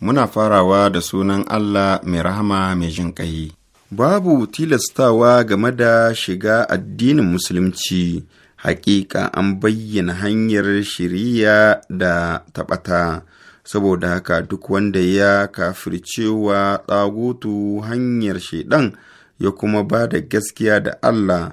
Muna farawa da sunan Allah mai rahama mai jin ƙai. Babu tilastawa game da shiga addinin Musulunci, hakika an bayyana hanyar shiriya da taɓata, saboda haka duk wanda ya kafircewa ɗagutu hanyar shaidan ya kuma ba da gaskiya da Allah.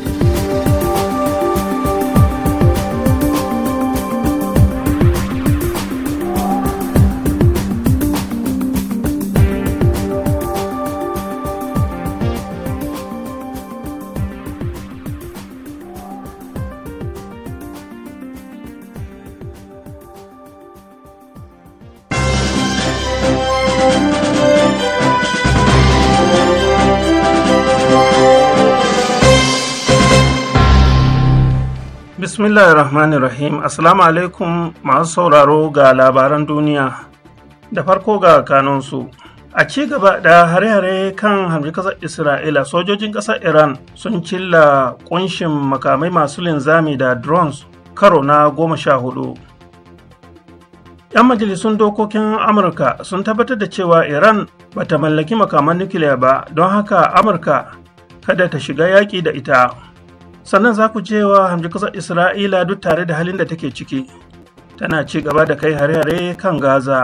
Bismillahirrahmanirrahim. Assalamu alaikum masu sauraro ga labaran duniya. Da farko ga kanunsu. A ci gaba da hare-hare kan hamji ƙasar Isra'ila, sojojin ƙasar Iran sun cilla ƙunshin makamai masu linzami da drones karo na goma sha hudu. 'Yan majalisun dokokin Amurka sun tabbatar da cewa Iran bata mallaki makaman nukiliya ba, don haka Amurka kada ta shiga yaƙi da ita. sannan za ku je wa hamji kasar isra'ila duk tare da halin da take ciki tana ci gaba da kai hare-hare kan gaza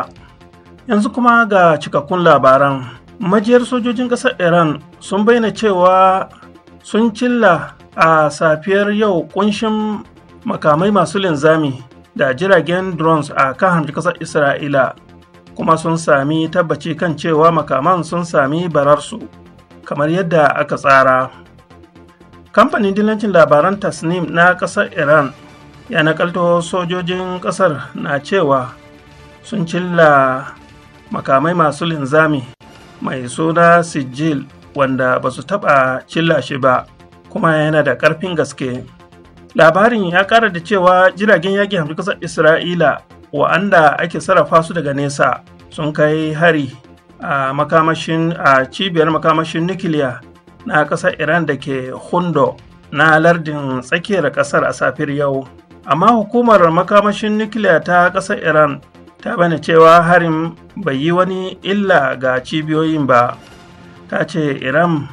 yanzu kuma ga cikakkun labaran majiyar sojojin kasar iran sun bayyana cewa sun cilla a safiyar yau kunshin makamai masu linzami da jiragen drones a kan hamji kasar isra'ila kuma sun sami tabbaci kan cewa makaman sun sami bararsu kamar yadda aka tsara kamfanin dillancin labaran tasnim na ƙasar iran ya nakalto sojojin ƙasar na cewa sun cilla makamai masu linzami mai suna sijil wanda ba su taɓa cilla shi ba kuma yana da karfin gaske labarin ya ƙara da cewa jiragen yaƙi hamsin ƙasar isra'ila wa'anda ake sarrafa su daga nesa sun kai hari a cibiyar makamashin nukiliya na ƙasar iran da ke hundo na lardin tsakiyar ƙasar a safiyar yau amma hukumar makamashin nukiliya ta ƙasar iran ta bane cewa harin bai yi wani illa ga cibiyoyin ba ta ce iran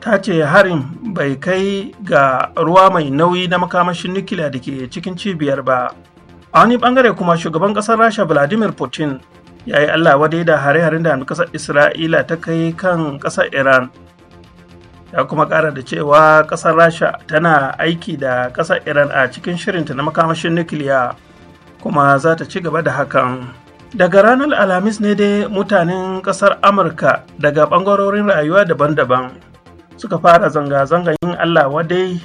ta ce harin bai kai ga ruwa mai nauyi na makamashin nukiliya da ke cikin cibiyar ba a wani bangare kuma shugaban ƙasar rasha vladimir putin ya yi allah wadai da hare-haren da ƙasar isra'ila ta kai kan kasar iran ya kuma kara da cewa kasar rasha tana aiki da kasar iran a cikin shirinta na makamashin nukiliya kuma za ta ci gaba da hakan daga ranar alhamis ne dai mutanen kasar amurka daga bangarorin rayuwa daban-daban suka fara zanga zangar yin allah wadai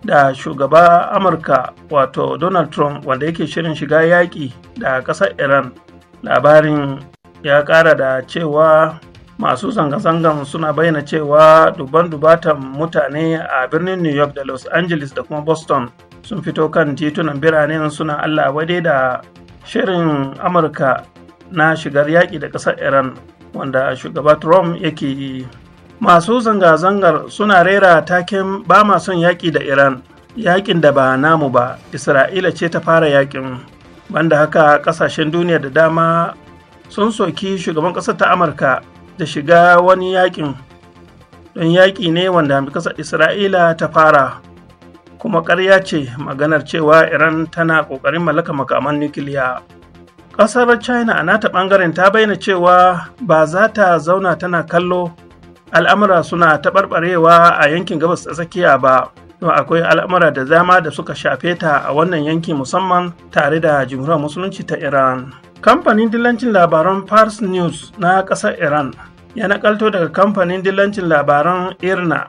da shugaba amurka wato donald trump wanda yake shirin shiga yaƙi da kasar iran labarin ya ƙara da cewa masu zanga-zangan suna bayyana cewa duban dubatan mutane a birnin new york da los angeles da kuma boston sun fito kan titunan biranen suna allah wade da shirin amurka na shigar yaƙi da ƙasar iran wanda shugaba trump yake yi masu zanga-zangar suna rera taken ba ma son yaƙi da iran yaƙin da ba namu ba isra'ila ce ta fara yaƙin banda haka ƙasashen duniya da dama sun soki shugaban ƙasar ta amurka da shiga wani yakin don yaƙi ne wanda ƙasar isra'ila ta fara kuma ƙarya ce maganar cewa iran tana ƙoƙarin mallaka makaman nukiliya ƙasar china a nata ɓangaren ta bayyana cewa ba za ta zauna tana kallo al'amura suna taɓarɓarewa a yankin gabas ta tsakiya ba don akwai al'amura da dama da suka shafe ta a wannan yanki musamman tare da jimhuriyar musulunci ta iran kamfanin dillancin labaran fars news na ƙasar iran ya nakalto daga kamfanin dillancin labaran irna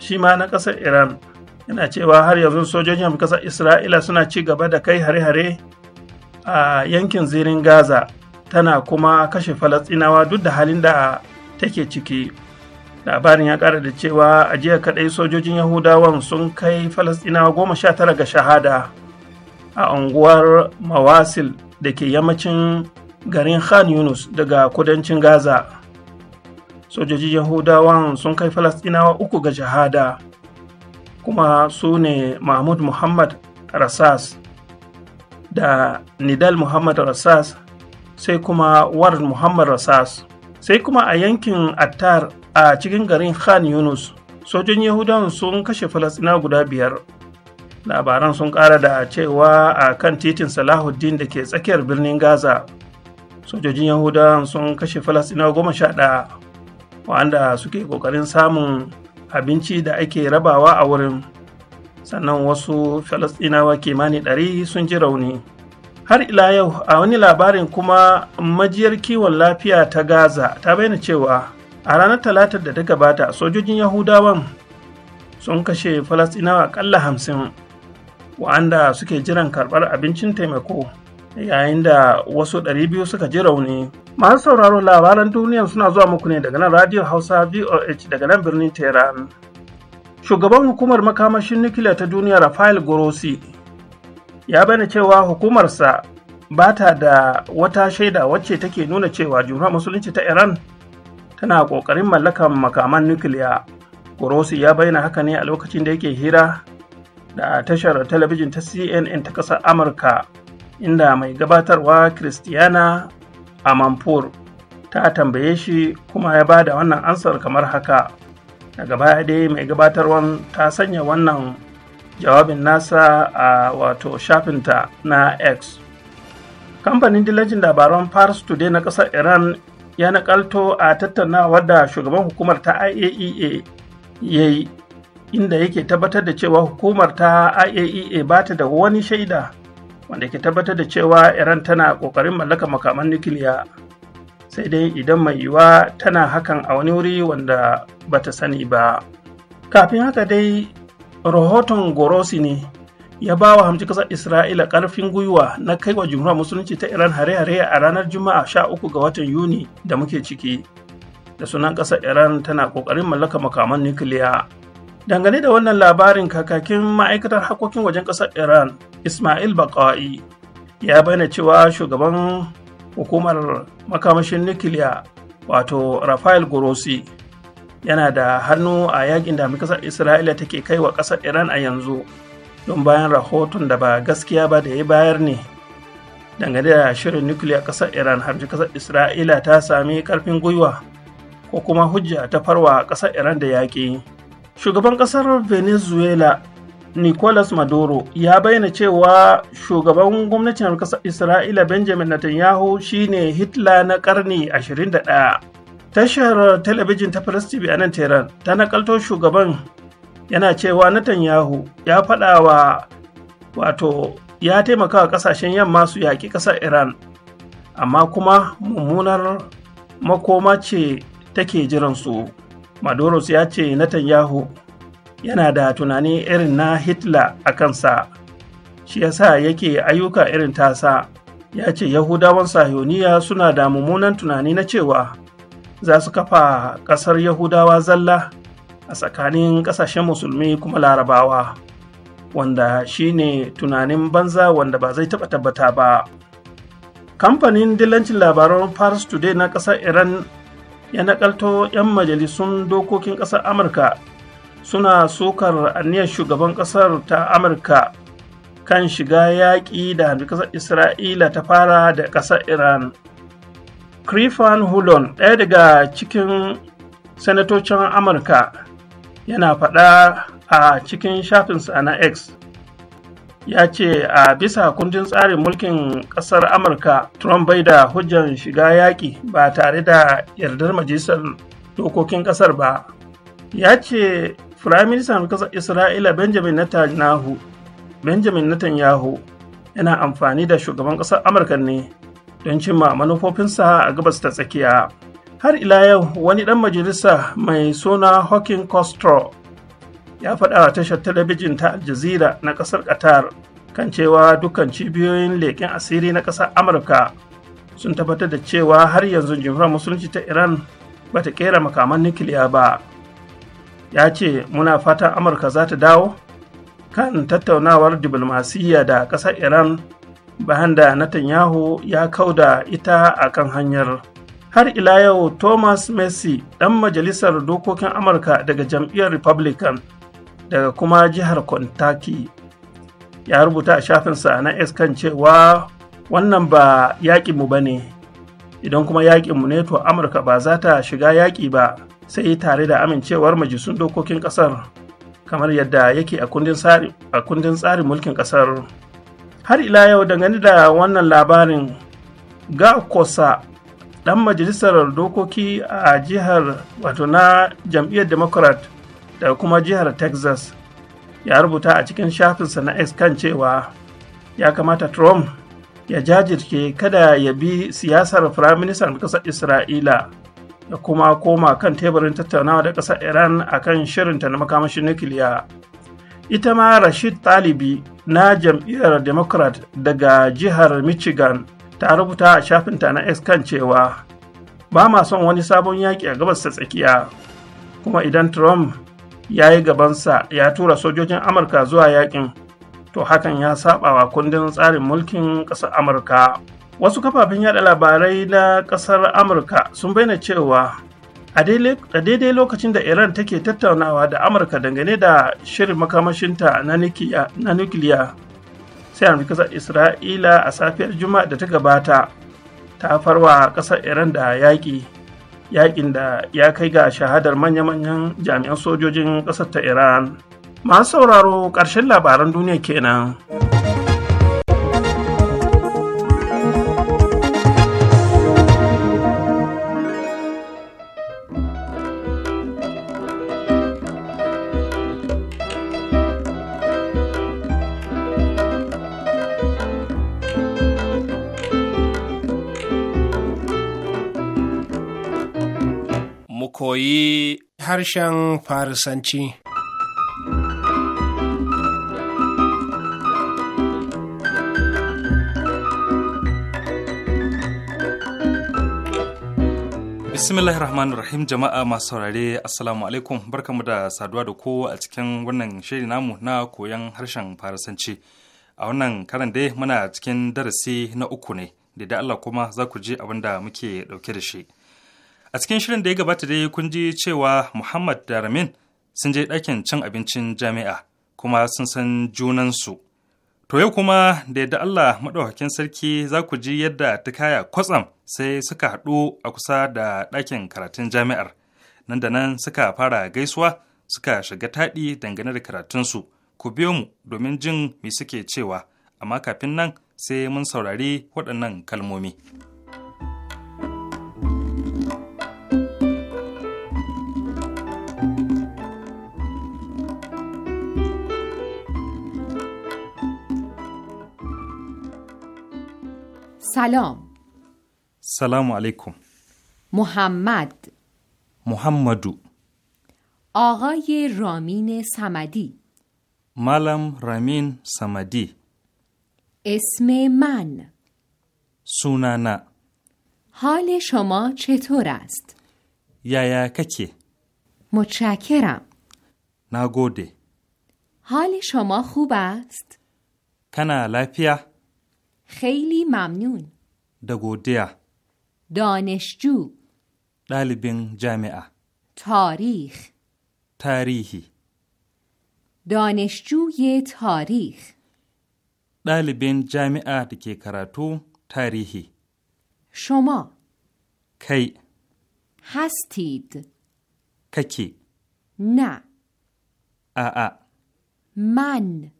shi ma na ƙasar iran yana cewa har yanzu sojojin ƙasar isra'ila suna ci gaba da kai hare-hare a yankin zirin gaza tana kuma kashe falastinawa duk da halin da take ciki labarin ya ƙara da cewa a jiya kaɗai sojojin yahudawan sun kai falastinawa goma sha tara ga shahada a unguwar mawasil da ke yammacin garin khan yunus daga kudancin gaza sojoji yahudawan sun kai falastinawa uku ga shahada kuma su ne mahmud muhammad rasas da nidal muhammad rasas sai kuma Warren muhammad rasas sai kuma a yankin attar a cikin garin khan yunus sojin yahudawan sun kashe falastina guda biyar labaran sun kara da cewa a kan titin salahuddin da ke tsakiyar birnin gaza sojojin yahudawan sun kashe falastina goma sha ɗaya wanda suke kokarin samun abinci da ake rabawa a wurin sannan wasu falasɗinawa kimanin ɗari sun ji rauni har ila yau a wani labarin kuma majiyar kiwon lafiya ta gaza ta bayyana cewa a ranar talatar da ta gabata sojojin yahudawan sun kashe falasɗinawa ƙalla hamsin wa'anda suke jiran karɓar abincin taimako yayin da wasu ɗari biyu suka ji rauni. Masu sauraro labaran duniya suna zuwa muku ne daga nan Radio Hausa VOH daga nan birnin Tehran. Shugaban hukumar makamashin nukiliya ta duniya Rafael Grossi ya bayyana cewa hukumarsa ba ta da wata shaida wacce take nuna cewa jumhuriyar musulunci ta Iran tana ƙoƙarin mallakan makaman nukiliya. Grossi ya bayyana haka ne a lokacin da yake hira da tashar talabijin ta CNN ta ƙasar Amurka. inda mai gabatarwa Christiana Amanpour ta tambaye shi kuma ya ba da wannan ansar kamar haka. Daga baya dai mai gabatarwan ta sanya wannan jawabin nasa a wato shafinta na X. Kamfanin dilajin labaran Fars Today na ƙasar Iran ya nakalto a tattaunawar da shugaban hukumar ta IAEA ya yi inda yake tabbatar da cewa hukumar ta IAEA e ba ta da wani shaida wanda ke tabbatar da cewa iran tana kokarin mallaka makaman nukiliya sai dai idan mai yiwuwa tana hakan a wani wuri wanda ba ta sani ba kafin haka dai rahoton gorosi ne ya ba wa hamci kasar isra'ila karfin gwiwa na kai wa jumhuriyar musulunci ta iran hare-hare a ranar juma'a sha uku ga watan yuni da muke ciki da sunan kasar iran tana kokarin mallaka makaman nukiliya dangane da wannan labarin kakakin ma'aikatar harkokin wajen kasar iran Ismail Baka'i ya bayyana cewa shugaban hukumar makamashin nukiliya wato Rafael Grossi yana da hannu a yakin da kasar Isra'ila take kai wa kasar Iran a yanzu don bayan rahoton da ba gaskiya ba da ya bayar ne dangane da shirin nukiliya kasar Iran har kasar Isra'ila ta sami karfin gwiwa ko kuma hujja ta farwa kasar Iran da yaƙi. Shugaban kasar Venezuela nicolas maduro ya bayyana cewa shugaban gwamnatin ƙasar isra'ila benjamin netanyahu shine hitler na ƙarni 21 tashar talabijin ta press tv a nan tehran ta nakalto shugaban yana cewa netanyahu ya faɗa wa wato ya taimaka wa ƙasashen yamma su yaƙi ƙasar iran amma kuma mummunar makoma ce take jiransu Maduro ya ce netanyahu yana da tunani irin na hitler a kansa shi yasa yake ayyuka irin tasa ya ce yahudawan sahiyoniya suna da mummunan tunani na cewa za su kafa ƙasar yahudawa zalla a tsakanin ƙasashen musulmi kuma larabawa wanda shi ne tunanin banza wanda ba zai taɓa tabbata ba kamfanin dilancin labaran paris today na ƙasar iran ya nakalto 'yan majalisun dokokin ƙasar amurka suna sukar aniyar shugaban ƙasar ta amurka kan shiga yaƙi da ƙasar isra'ila ta fara da ƙasar iran Crifan hulon ɗaya daga cikin sanatocin amurka yana faɗa a cikin shafinsa na x ya ce a bisa kundin tsarin mulkin ƙasar amurka trump bai da hujjan shiga yaƙi ba tare da yardar majalisar dokokin ƙasar ba ya ce Firaministan ƙasar Isra'ila Benjamin Netanyahu, Benjamin Netanyahu yana amfani da shugaban ƙasar Amurka ne don cimma manufofinsa a gabas ta tsakiya. Har ila yau wani ɗan majalisa mai suna Hawking Costro ya faɗa wa tashar talabijin ta Aljazeera na ƙasar Qatar kan cewa dukkan cibiyoyin leƙen asiri na ƙasar Amurka sun tabbatar da cewa har yanzu jimhuriyar musulunci ta Iran bata ƙera makaman nukiliya ba. ya ce muna fatan amurka za ta dawo kan tattaunawar diplomasiyya da ƙasar iran bayan da netanyahu ya kauda ita a kan hanyar har ila yau thomas messi ɗan majalisar dokokin amurka daga jam'iyyar republican daga kuma jihar kentucky ya rubuta a shafinsa na s cewa wannan ba yaƙinmu ba ne idan kuma yaƙinmu ne to amurka ba za ta shiga yaƙi ba sai tare da amincewar majisun dokokin kasar kamar yadda yake a kundin tsarin mulkin kasar har ila yau dangane da wannan labarin ga kosa dan majalisar dokoki a jihar wato na jam'iyyar democrat da kuma jihar texas ya rubuta a cikin shafinsa na x kan cewa ya kamata trump ya jajirce kada ya bi siyasar firaministan ƙasar isra'ila da kuma koma kan teburin tattaunawa da ƙasar iran a kan shirinta na makamashin nukiliya ita ma rashid talibi na jam'iyyar democrat daga jihar michigan ta rubuta a shafinta na x kan cewa ba ma son wani sabon yaƙi a gabas ta tsakiya kuma idan trump ya yi gabansa ya tura sojojin amurka zuwa yaƙin to hakan ya saɓawa kundin tsarin mulkin ƙasar amurka wasu kafafen yada labarai na kasar amurka sun bayyana cewa a daidai lokacin da iran take tattaunawa da amurka dangane da shirin makamashinta na nukiliya sai amurka isra'ila a safiyar juma'a da ta gabata ta farwa kasar iran da yaƙi yaƙin da ya kai ga shahadar manya-manyan jami'an sojojin ƙasar ta iran masu sauraro ƙarshen labaran duniya kenan. harshen Farisanci. bismillahir rahmanir rahim jama'a masu saurare assalamu alaikum barkamu da saduwa da kowa a cikin wannan shiri namu na koyon harshen farisanci a wannan karan dai muna cikin darasi na uku ne da da Allah kuma za ku ji abin da muke dauke da shi a cikin shirin da ya gabata dai kun ji cewa muhammad da ramin sun je ɗakin cin abincin jami'a kuma sun san junansu to yau kuma da yadda allah maɗaukakin sarki za ku ji yadda ta kaya kwatsam sai suka haɗu a kusa da ɗakin karatun jami'ar nan da nan suka fara gaisuwa suka shiga taɗi dangane da karatunsu ku biyo mu domin jin mai suke cewa amma kafin nan sai mun saurari waɗannan kalmomi. سلام سلام علیکم محمد محمدو آقای رامین سمدی ملم رامین سمدی اسم من سونانا حال شما چطور است؟ یا ککی متشکرم نگوده حال شما خوب است؟ کنا لپیه خیلی ممنون دگودیا دانشجو دالبین جامعه تاریخ تاریخی دانشجوی تاریخ دالبین جامعه دکی کراتو تاریخی شما کی هستید ککی نه آآ من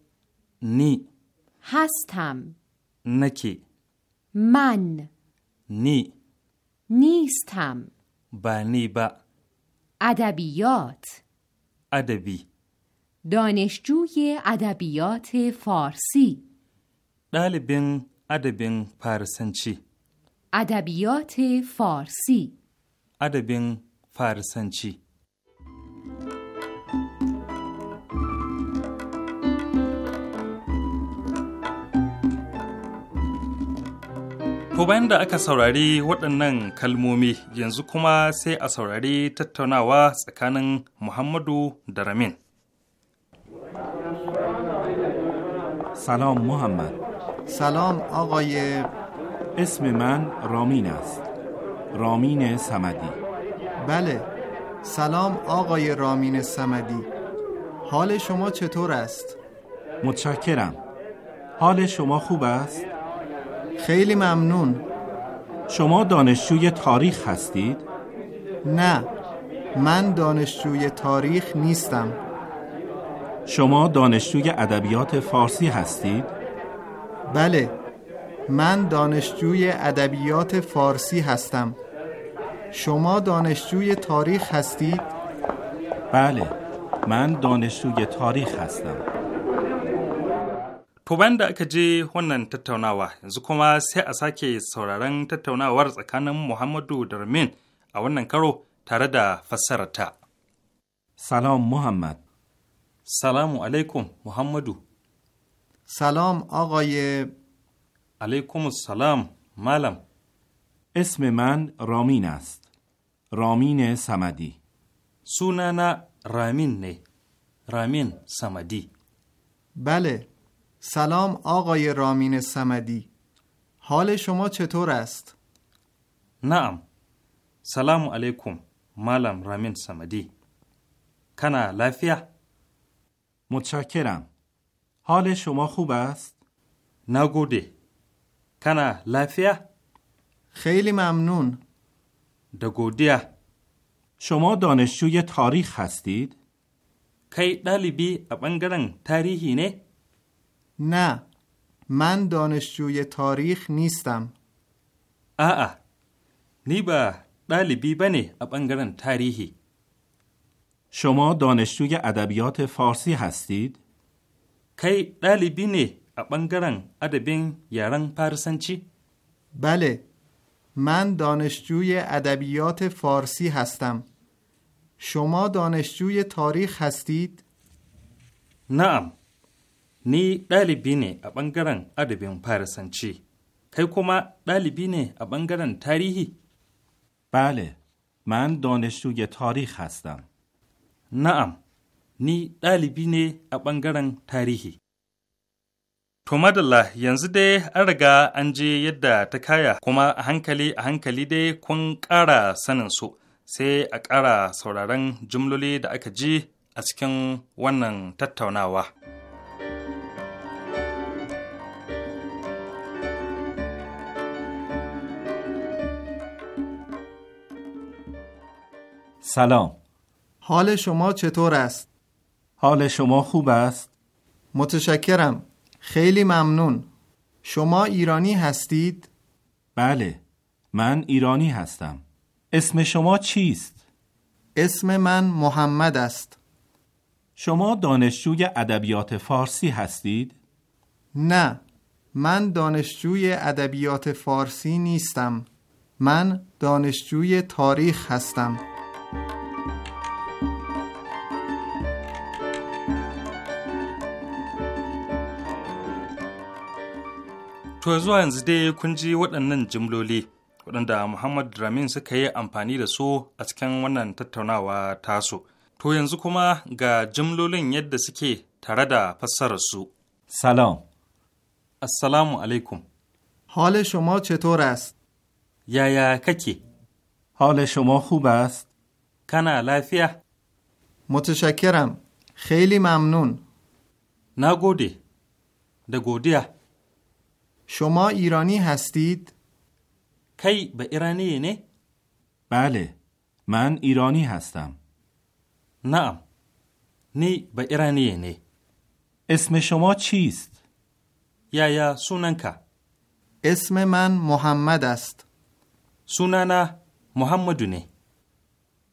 نی هستم نکی من نی نیستم بانی با ادبیات ادبی دانشجوی ادبیات فارسی دالبین ادبین پارسنچی ادبیات فارسی ادبین فارسنچی توبند اکسراری وطن ننگ کلمومیه ینزو کما سه اسراری تطور نوا سکنن محمد و درمین سلام محمد سلام آقای اسم من رامین است رامین سمدی بله سلام آقای رامین سمدی حال شما چطور است؟ متشکرم حال شما خوب است؟ خیلی ممنون شما دانشجوی تاریخ هستید؟ نه من دانشجوی تاریخ نیستم شما دانشجوی ادبیات فارسی هستید؟ بله من دانشجوی ادبیات فارسی هستم شما دانشجوی تاریخ هستید؟ بله من دانشجوی تاریخ هستم To bayan da aka je wannan tattaunawa yanzu kuma sai a sake sauraron tattaunawar tsakanin Muhammadu da a wannan karo tare da fassararta. Salam Muhammad. Salamu alaikum Muhammadu. Salam agaye. Alaikum salam Malam. اسم من رامین است رامین سمدی سونانا رامین نه رامین سمدی بله سلام آقای رامین سمدی حال شما چطور است؟ نعم سلام علیکم مالم رامین سمدی کنا لفیه؟ متشکرم حال شما خوب است؟ نگوده کنا لفیه؟ خیلی ممنون دگودیه شما دانشجوی تاریخ هستید؟ کی دلیبی ابنگرن تاریخی نه؟ نه من دانشجوی تاریخ نیستم آه نی با دلی بی بنی تاریحی. تاریحی. شما دانشجوی ادبیات فارسی هستید؟ کی ɗalibi ne ا ɓangaren ادبین یارن چی؟ بله من دانشجوی ادبیات فارسی هستم. شما دانشجوی تاریخ هستید؟ نعم Ni ɗalibi ne a ɓangaren adabin Farisanci, kai kuma ɗalibi ne a ɓangaren tarihi? Bale, man دانشجوی تاریخ هستم. na'am, ni ɗalibi ne a ɓangaren tarihi. To madalla yanzu dai an riga an je yadda ta kaya kuma a hankali a hankali dai kun ƙara sanin su sai a ƙara sauraron jimloli da aka ji a cikin wannan tattaunawa. سلام حال شما چطور است؟ حال شما خوب است؟ متشکرم خیلی ممنون شما ایرانی هستید؟ بله من ایرانی هستم اسم شما چیست؟ اسم من محمد است شما دانشجوی ادبیات فارسی هستید؟ نه من دانشجوی ادبیات فارسی نیستم من دانشجوی تاریخ هستم To zuwa yanzu dai kun ji waɗannan jimloli waɗanda Muhammad Dramin suka yi amfani da su a cikin wannan tattaunawa tasu. To yanzu kuma ga jimlolin yadda suke tare da fassararsu. Salam. Assalamu alaikum. حال شما چطور است؟ یایا ککی حال شما خوب است؟ کنا Khaili mamnun. Na gode. Da godiya. شما ایرانی هستید؟ کی به ایرانی نه؟ یعنی؟ بله من ایرانی هستم نه، نی به ایرانی نه یعنی. اسم شما چیست؟ یا یا سوننکا اسم من محمد است محمدو محمدونه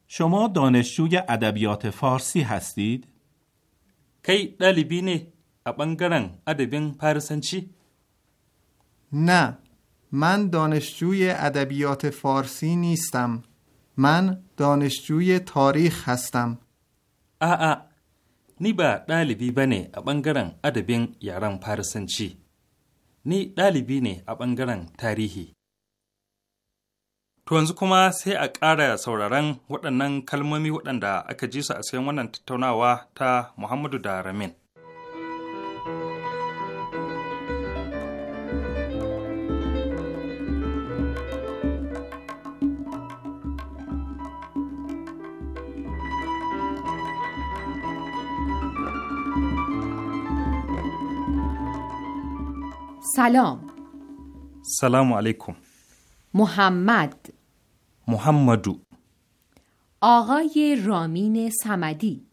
شما دانشجوی ادبیات فارسی هستید؟ کی دلیبی نه ا ادبین چی؟ نه من دانشجوی ادبیات فارسی نیستم من دانشجوی تاریخ هستم a'a ni ba ɗalibi ba ne a ɓangaren adabin yaren farisanci ni ɗalibi ne a ɓangaren tarihi to yanzu kuma sai a ƙara sauraron waɗannan kalmomi waɗanda aka ji su a sayan wannan tattaunawa ta muhammadu da ramin سلام سلام علیکم محمد محمدو آقای رامین سمدی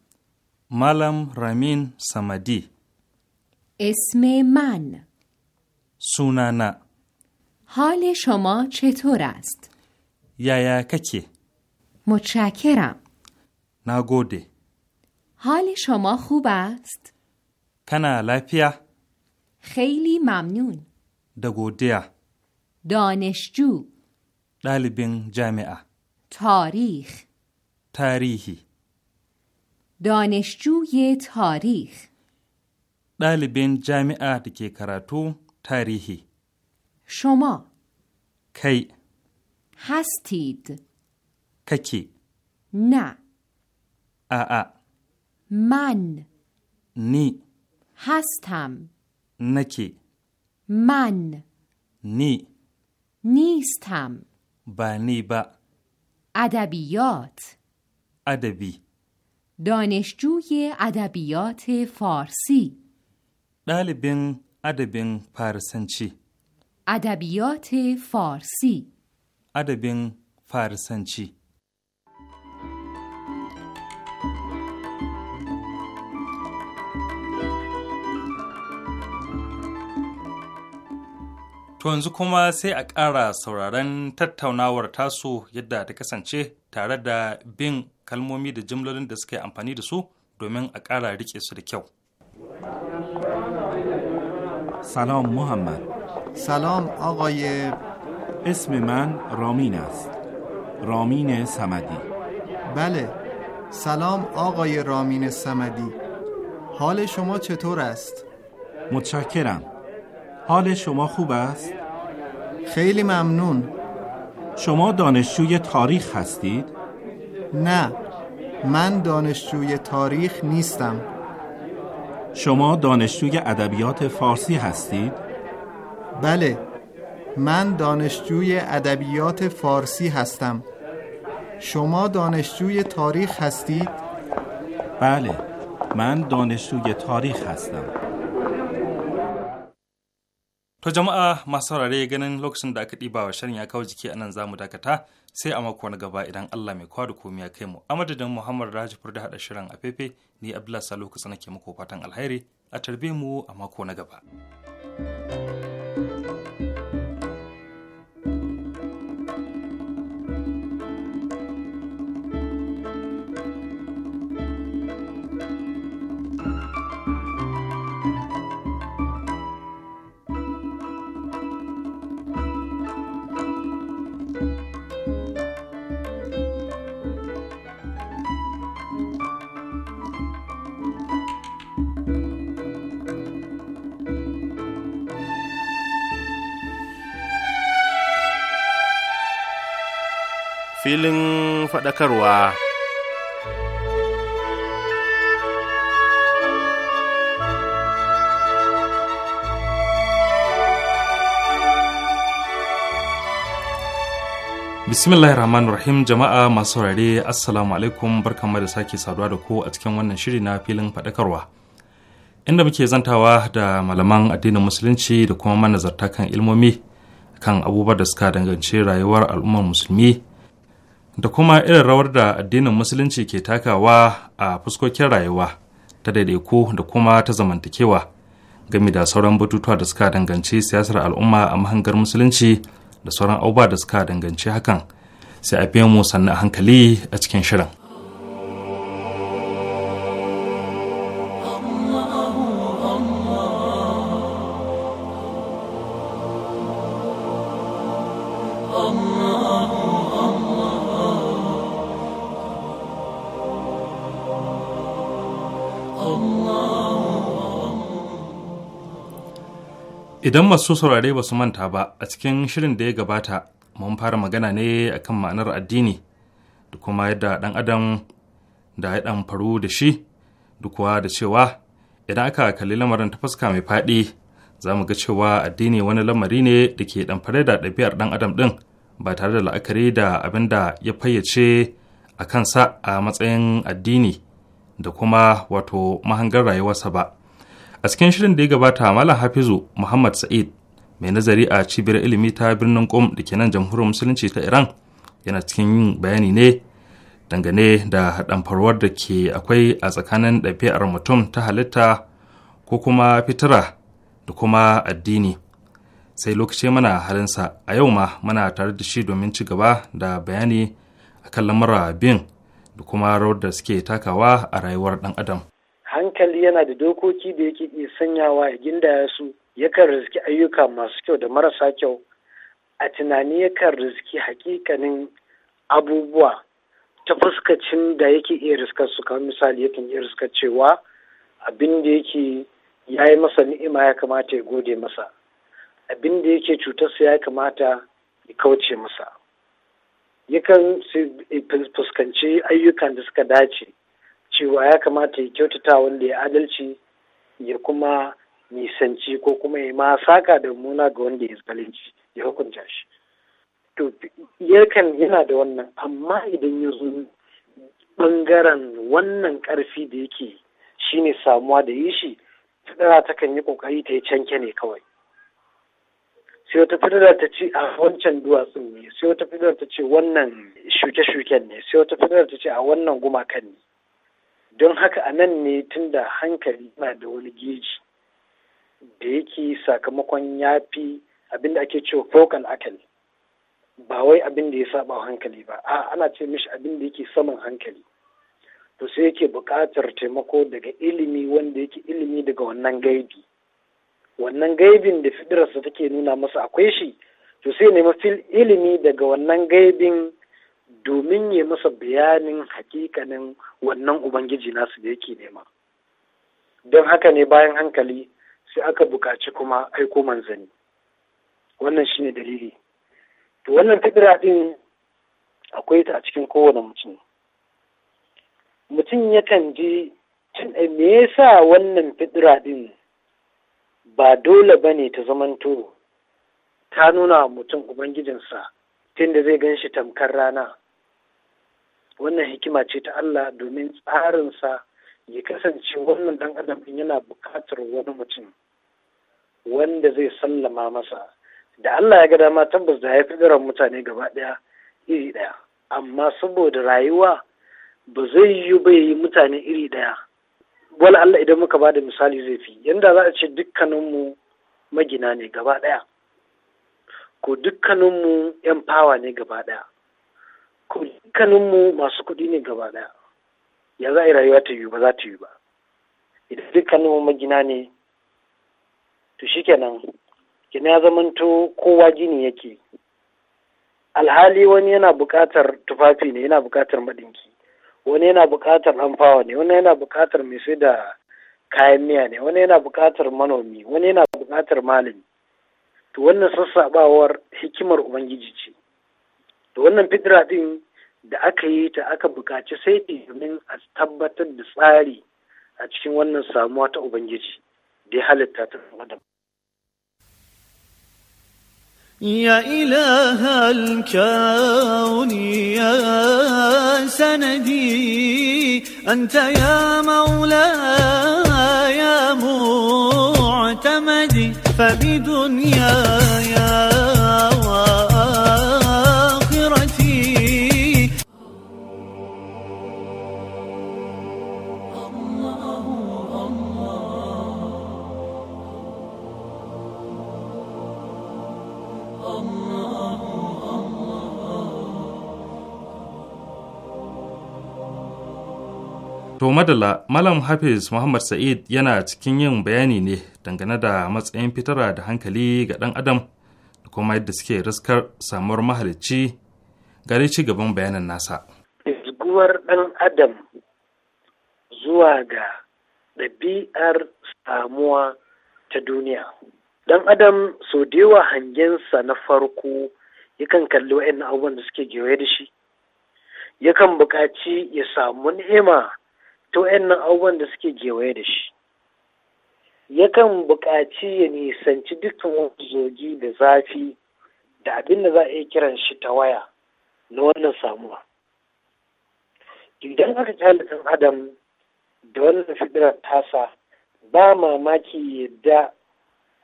ملم رامین سمدی اسم من سونانا حال شما چطور است؟ یا ککی متشکرم نگوده حال شما خوب است؟ کنا لپیه خیلی ممنون دگودیا دانشجو دالبین جامعه تاریخ تاریخی دانشجوی تاریخ دالبین جامعه دکی کراتو تاریخی شما کی هستید ککی نه آآ من نی هستم نکی من نی نیستم بانی با ادبیات ادبی دانشجوی ادبیات فارسی دالبین ادبین فارسنچی ادبیات فارسی ادبین فارسنچی To yanzu kuma sai a ƙara sauraron tattaunawar tasu yadda ta kasance tare da bin kalmomi da jimlolin da suke amfani da su domin a ƙara riƙe su da kyau. Salam muhammad Salam آقای اسم من رامین است رامین سمدی بله سلام آقای رامین سمدی حال شما چطور است؟ متشکرم حال شما خوب است؟ خیلی ممنون شما دانشجوی تاریخ هستید؟ نه من دانشجوی تاریخ نیستم شما دانشجوی ادبیات فارسی هستید؟ بله من دانشجوی ادبیات فارسی هستم شما دانشجوی تاریخ هستید؟ بله من دانشجوی تاریخ هستم To jama'a masu saurare ganin lokacin da aka ɗiba wa shirin ya kawo jiki anan zamu dakata sai a mako na gaba idan Allah mai kwa da komai ya kai mu. A madadin Muhammad Rajifur da haɗa shirin a fefe ni Abdullahi Salo kusa nake muku fatan alheri a tarbe mu a mako na gaba. thank you filin faɗakarwa. rahim jama'a masu saurare assalamu alaikum barkanmu da sake saduwa da ku a cikin wannan shiri na filin faɗakarwa. Inda muke zantawa da malaman addinin musulunci da kuma manazarta kan ilmomi kan abubuwan da suka danganci rayuwar al'ummar musulmi da kuma irin rawar da addinin musulunci ke takawa a fuskokin rayuwa ta daidaiku da kuma ta zamantakewa game da sauran batutuwa da suka danganci siyasar al'umma a mahangar musulunci da sauran abubuwa da suka danganci hakan sai a mu sannan hankali a cikin shirin. Idan masu saurare ba su manta ba a cikin shirin da ya gabata mun fara magana ne akan ma'anar addini da kuma yadda ɗan adam da ya ɗan faru da shi da kuwa da cewa idan aka kalli lamarin ta fuska mai faɗi za mu ga cewa addini wani lamari ne da ke ɗan ɗamfare da ɗabi'ar ɗan adam ɗin ba tare da la'akari da abin da ya fayyace a kansa a matsayin addini da kuma wato mahangar rayuwarsa ba. a cikin shirin da ya gabata malam hafizu muhammad sa'id mai nazari a cibiyar ilimi ta birnin kom da ke nan jamhuriyar musulunci ta iran yana cikin yin bayani ne dangane da ɗamfarwar da ke akwai a tsakanin ɗabi'ar mutum ta halitta ko kuma fitira da kuma addini sai lokaci mana halinsa a yau ma muna tare da shi domin ci gaba da bayani a kan lamura bin da kuma rawar da suke takawa a rayuwar ɗan adam. hankali yana da dokoki da yake iya sanyawa ya gindaya su yakan riski ayyuka masu kyau da marasa kyau a tunani yakan riski hakikanin abubuwa ta fuskacin da yake iya riskar su kamar misali yakan iya riskar cewa abin da yake ya yi masa ni'ima ya kamata ya gode masa abin da yake cutarsa ya kamata ya kauce masa yakan fuskanci ayyukan da suka dace cewa ya kamata ya kyautata wanda ya adalci ya kuma nisanci ko kuma ya ma saka da muna ga wanda ya zalunci ya hukunta shi to yakan yana da wannan amma idan ya zo bangaren wannan karfi da yake shine samuwa da yi shi fidara ta kan yi kokari ta yi canke ne kawai sai wata fidara ta ce a wancan duwatsun ne sai wata fidara ta ce wannan shuke-shuken ne sai wata fidara ta ce a wannan gumakan ne don haka a nan ne tunda hankali na da wani geji da yake sakamakon ya fi abin da ake cewa fokan akali ba wai abin da ya saba hankali ba a ana ce mishi abin da yake saman hankali to sai yake buƙatar taimako daga ilimi wanda yake ilimi daga wannan gaibi wannan gaibin da fidirarsa take nuna masa akwai shi to sai nemi ilimi daga wannan gaibin domin ya masa bayanin hakikanin wannan ubangiji nasu da yake nema don haka ne bayan hankali sai aka bukaci kuma aiko manzanni wannan shine dalili to wannan tafira ɗin akwai ta a cikin kowane mutum mutum yakan ji eh, me yasa wannan fitira ɗin ba dole ba ne ta zamanto ta nuna mutum ubangijinsa da zai gan shi tamkar rana wannan hikima ce ta Allah domin tsarinsa ya kasance wannan dan adam yana buƙatar wani mutum wanda zai sallama masa da Allah ya ga dama tabbas da ya fi mutane gaba ɗaya iri ɗaya amma saboda rayuwa ba zai yi ba yi mutane iri ɗaya wala Allah idan muka ba da misali zai fi yanda za a ce dukkaninmu magina ne gaba ɗaya ko dukkaninmu 'yan fawa ne gaba ɗaya ko dukkaninmu masu kuɗi ne gaba ɗaya ya za a yi rayuwa ta yiwu ba za ta yiwu ba idan dukkaninmu magina ne to shikenan gina ya zamanto kowa gini yake alhali wani yana buƙatar tufafi ne yana buƙatar maɗinki wani yana buƙatar amfawa ne wani yana buƙatar mai sai da kayan miya ne wani yana buƙatar manomi wani yana buƙatar malami to wannan sassaɓawar hikimar ubangiji ce to wannan fitira din da aka yi ta aka buƙaci sai domin a tabbatar da tsari a cikin wannan samuwa ta ubangiji da ya halitta ta adam يا إله الكون يا سندي أنت يا مولاي يا معتمدي فبدنياي To madalla Malam Hafiz Muhammad Sa'id yana cikin yin bayani ne dangane da matsayin fitara da hankali ga ɗan adam da kuma yadda suke riskar samuwar mahalicci gare ci gaban bayanan nasa. Izguwar ɗan adam zuwa ga ɗabi'ar samuwa ta duniya. Ɗan adam so da yawa hangensa na farko yakan kalli wa'in abubuwan da suke gewaye da shi. Yakan buƙaci ya samu ni'ima To wayannan abubuwan da suke gewaye da shi yakan buƙaci ya nisanci dukkan wani zogi da zafi da abin da za a iya kiran shi ta waya na wannan samuwa idan aka kyale ɗan adam da wannan fitirar tasa ba mamaki yadda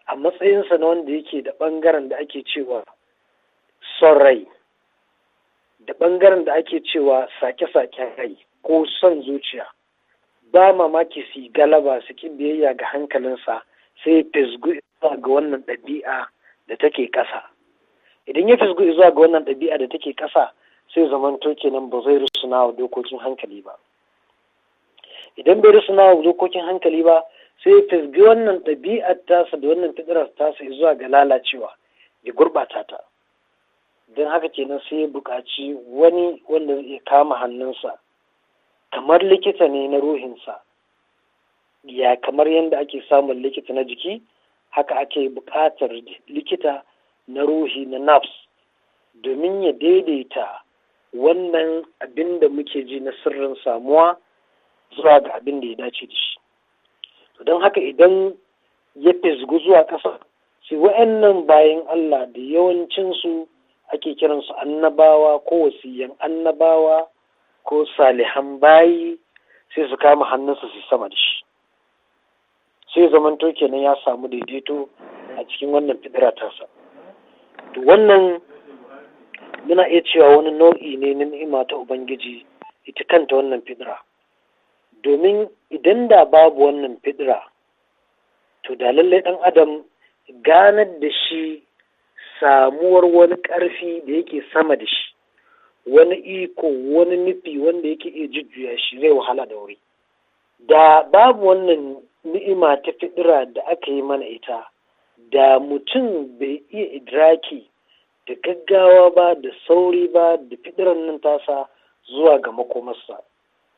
a matsayinsa na wanda yake da ɓangaren da ake cewa son rai da ɓangaren da ake cewa sake-saken rai ko son zuciya ba mamaki su yi galaba su ki biyayya ga hankalinsa sai fisgu zuwa ga wannan ɗabi'a da take ƙasa idan ya fisgu zuwa ga wannan ɗabi'a da take ƙasa sai zamanto kenan ba zai rusuna wa dokokin hankali ba idan bai rusuna wa dokokin hankali ba sai fisgi wannan ɗabi'ar tasa da wannan fitirar tasa zuwa ga lalacewa ya gurɓata ta don haka kenan sai ya buƙaci wani wanda zai kama hannunsa kamar likita ne na ruhinsa ya kamar yadda ake samun likita na jiki haka ake buƙatar likita na ruhi na nafs domin ya daidaita wannan abin da muke ji na sirrin samuwa zuwa ga abin da ya dace da shi don haka idan ya fisgu zuwa ƙasa sai wa'annan bayan Allah da yawancinsu ake kiransu annabawa ko wasiyan annabawa ko salihan bayi sai su kama hannunsa su sama da shi sai zamanto kenan ya samu daidaito a cikin wannan fidira tasa to wannan muna iya cewa wani nau'i ne na ni'ima ta ubangiji ita kanta wannan fidira domin idan da babu wannan fidira to da lallai ɗan adam ganar da shi samuwar wani ƙarfi da yake sama da shi wani iko wani nufi wanda yake iya jujjuya shi zai wahala da wuri da babu wannan ni'ima ta fidira da aka yi mana ita da mutum bai iya idraki da gaggawa ba da sauri ba da fidiran nan tasa zuwa ga makomarsa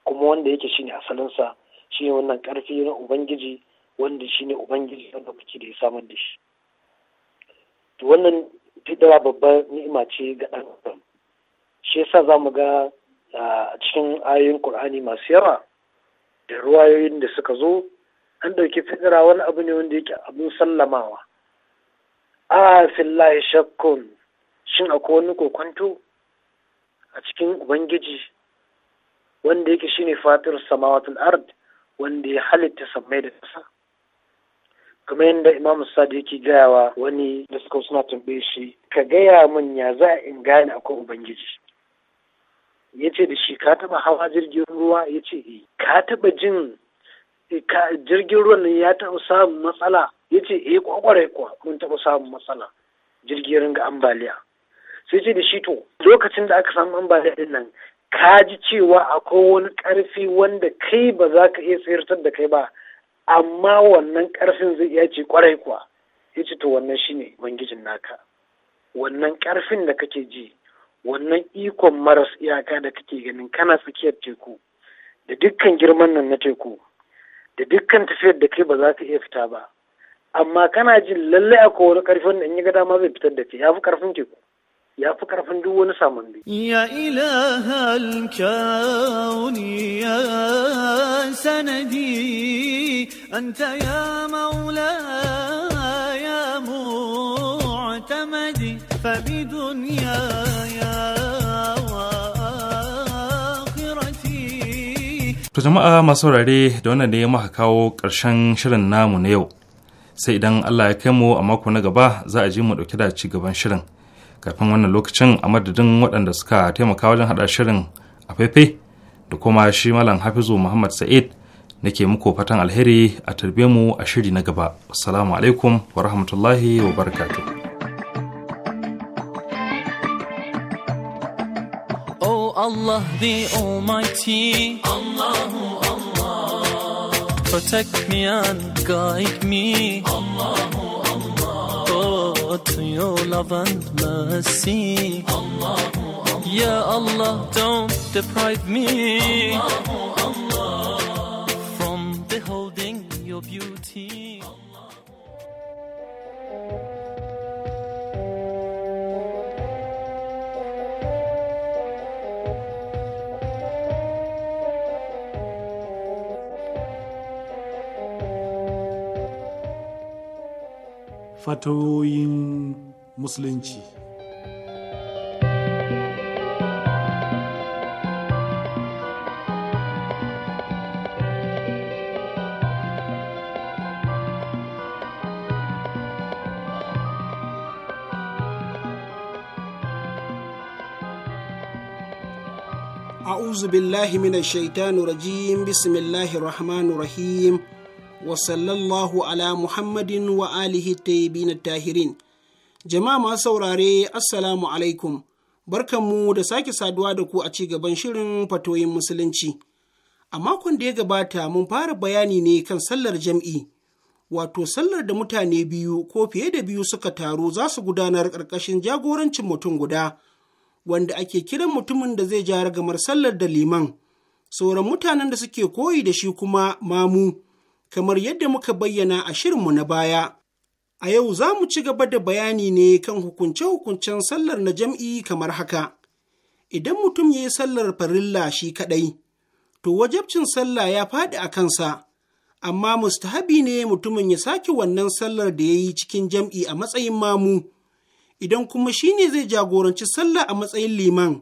kuma wanda yake shine asalinsa shine wannan karfi na ubangiji wanda shine ubangiji wanda kuke da ya samar da shi wannan fidira babbar ni'ima ce ga ɗan adam shi yasa za mu ga a cikin ayoyin ƙur'ani masu yawa da ruwayoyin da suka zo an ɗauki fitira wani abu ne wanda yake abin sallamawa a fillahi shakkun shin akwai wani kokwanto a cikin ubangiji wanda yake shine fatir samawatul ard wanda ya halitta samai da ƙasa kamar yadda imam sad yake gayawa wani da suka suna tambaye shi ka gaya min ya za in gane akwai ubangiji ya ce da shi ka taba hawa jirgin ruwa ya ce eh. ka taba jin eh, jirgin ruwan nan ya taba samun matsala ya ce eh kwakware kuwa mun taba samun matsala jirgin ringa ambaliya sai ce da shi to lokacin da aka samu ambaliya din nan ka ji cewa akwai wani karfi wanda kai ba za ka iya tsirtar da kai ba amma wannan karfin zai iya ce kwarai kuwa ya ce to wannan shine ubangijin naka wannan karfin da kake ji wannan ikon maras iyaka da kake ganin kana tsakiyar teku da dukkan girman nan na teku da dukkan tafiyar da kai ba za ka iya fita ba amma kana jin lallai a wani karfin da in ya ga dama zai fitar da ke ya fi karfin teku ya fi karfin duk wani samun bi. Ya ilahal kauni ya sanadi anta ya maula ya mu'tamadi fa bi dunya To jama'a masu saurare da wannan da ya maka kawo ƙarshen shirin namu na yau. Sai idan Allah ya kai mu a mako na gaba za a ji mu ɗauki da ci gaban shirin. Kafin wannan lokacin a madadin waɗanda suka taimaka wajen haɗa shirin a faifai da kuma shi Malam Hafizu Muhammad Sa'id nake muku fatan alheri a tarbe mu a shiri na gaba. Assalamu alaikum wa rahmatullahi wa barakatuh. Allah the Almighty. Allahu Allah. Protect me and guide me. Allahu Allah. Oh, to your love and mercy. Allahu Allah. Ya Allah, don't deprive me. Allahu Allah. From beholding your beauty. fatoyin musulunci. A'udhu billahi minash shaitani rajim bismillahir rahmanir rahim وصلى الله على محمد وآله الطيبين الطاهرين جماعة ما سوراري السلام عليكم barkanmu da sake saduwa da ku a ci gaban shirin fatoyin musulunci a makon da ya gabata mun fara bayani ne kan sallar jam'i wato sallar da mutane biyu ko fiye da biyu suka taru za su gudanar ƙarƙashin jagorancin mutum guda wanda ake kiran mutumin da zai ja ragamar sallar da liman sauran mutanen da suke koyi da shi kuma mamu kamar yadda muka bayyana a shirinmu na baya. A yau za mu ci gaba da bayani ne kan hukunce-hukuncen sallar na jam'i kamar haka. Idan mutum ya yi sallar farilla shi kaɗai, to wajabcin sallah ya faɗi a kansa, amma mustahabi ne mutumin ya sake wannan sallar da ya yi cikin jam'i a matsayin mamu. Idan kuma shi ne zai jagoranci sallah a matsayin liman,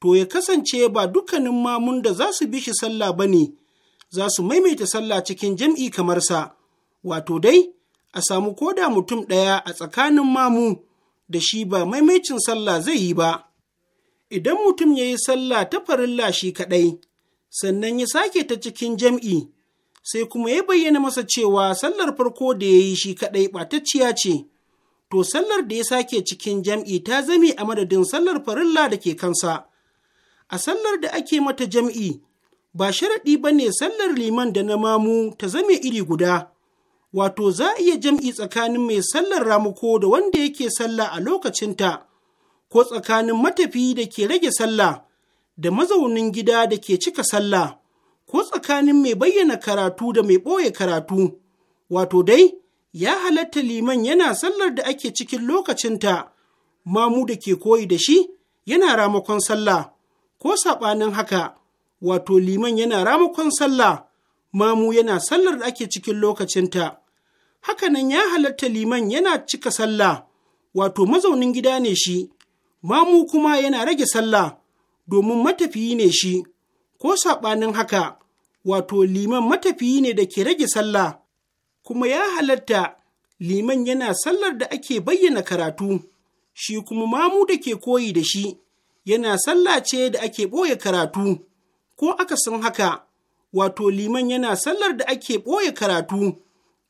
to ya kasance ba dukkanin mamun da za su bi shi sallah ba ne. za su maimaita sallah cikin jam'i kamar sa, wato dai a samu koda mutum ɗaya a tsakanin mamu da shi ba maimaicin sallah zai yi ba. Idan mutum ya yi sallah ta farilla shi kaɗai, sannan ya sake ta cikin jam'i, sai kuma ya bayyana masa cewa sallar farko da ya yi shi kaɗai ɓatacciya ce, to sallar da ya sake cikin jam'i ta zame a madadin sallar farilla da ke kansa. A sallar da ake mata jam'i, ba sharaɗi ba ne sallar liman da na mamu ta zame iri guda, wato za a iya jam'i tsakanin mai sallar ramuko da wanda yake sallah a lokacinta, ko tsakanin matafi da ke rage sallah, da mazaunin gida da ke cika sallah, ko tsakanin mai bayyana karatu da mai ɓoye karatu, wato dai ya halatta liman yana sallar da ake cikin lokacinta, mamu da ke koyi da shi yana ramakon sallah, ko saɓanin haka. wato liman yana ramakon sallah, mamu yana sallar da ake cikin lokacinta. Hakanan ya halatta liman yana cika sallah, wato mazaunin gida ne shi, mamu kuma yana rage sallah, domin matafiyi ne shi, ko saɓanin haka, wato liman matafiyi ne da ke rage sallah, kuma ya halatta liman yana sallar da ake bayyana karatu, shi kuma mamu da ke koyi da shi, yana sallah ce da ake ɓoye karatu. ko aka san haka, wato liman yana sallar da ake ɓoye karatu,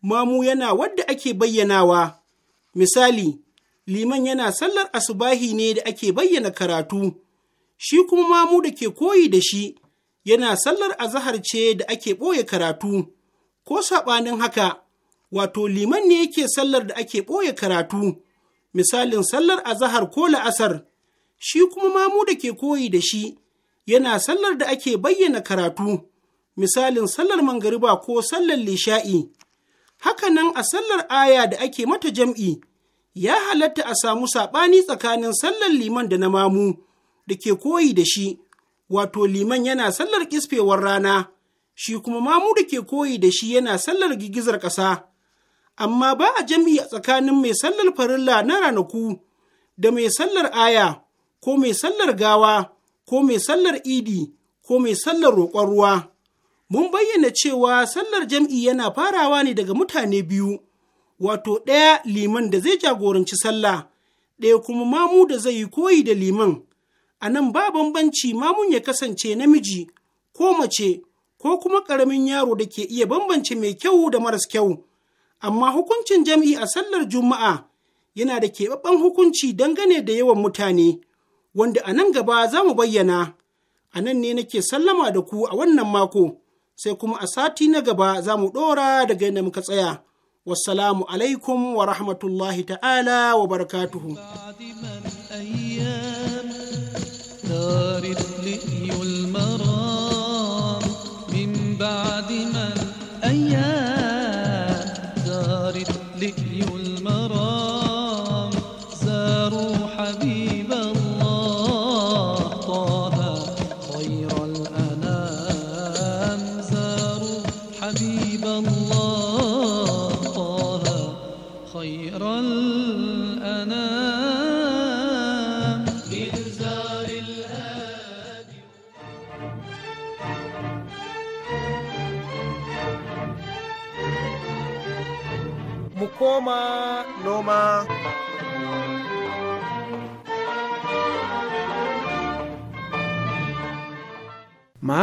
mamu yana wadda ake bayyanawa. Misali, liman yana sallar asubahi ne da ake bayyana karatu, shi kuma mamu da ke koyi da shi yana sallar azahar ce da ake ɓoye karatu, ko saɓanin haka, wato liman ne yake sallar da ake ɓoye karatu, misalin sallar azahar ko la'asar, shi kuma mamu da ke koyi da shi yana sallar da ake bayyana karatu, misalin sallar mangariba ko sallar lisha'i. Hakanan a sallar aya da ake mata jam'i, ya halatta a samu saɓani tsakanin sallar liman da na mamu da ke koyi da shi, wato liman yana sallar ƙisfewar rana, shi kuma mamu da ke koyi da shi yana sallar gigizar ƙasa. Amma ba a jam'i a tsakanin mai sallar farilla na ranaku da mai sallar aya ko mai sallar gawa. ko mai sallar idi ko mai sallar roƙon ruwa mun bayyana cewa sallar jam'i yana farawa ne daga mutane biyu wato ɗaya liman da zai jagoranci sallah ɗaya kuma mamu da zai yi koyi da liman a nan ba bambanci mamun ya kasance namiji ko mace ko kuma ƙaramin yaro da ke iya bambance mai kyau da maras kyau amma hukuncin jam'i a sallar juma'a yana da keɓaɓɓen hukunci dangane da yawan mutane wanda a nan gaba za mu bayyana. A nan ne nake sallama da ku a wannan mako, sai kuma a sati na gaba za mu ɗora daga yadda muka tsaya. Wassalamu alaikum wa rahmatullahi ta'ala wa barakatuhu. بعد ما الأيام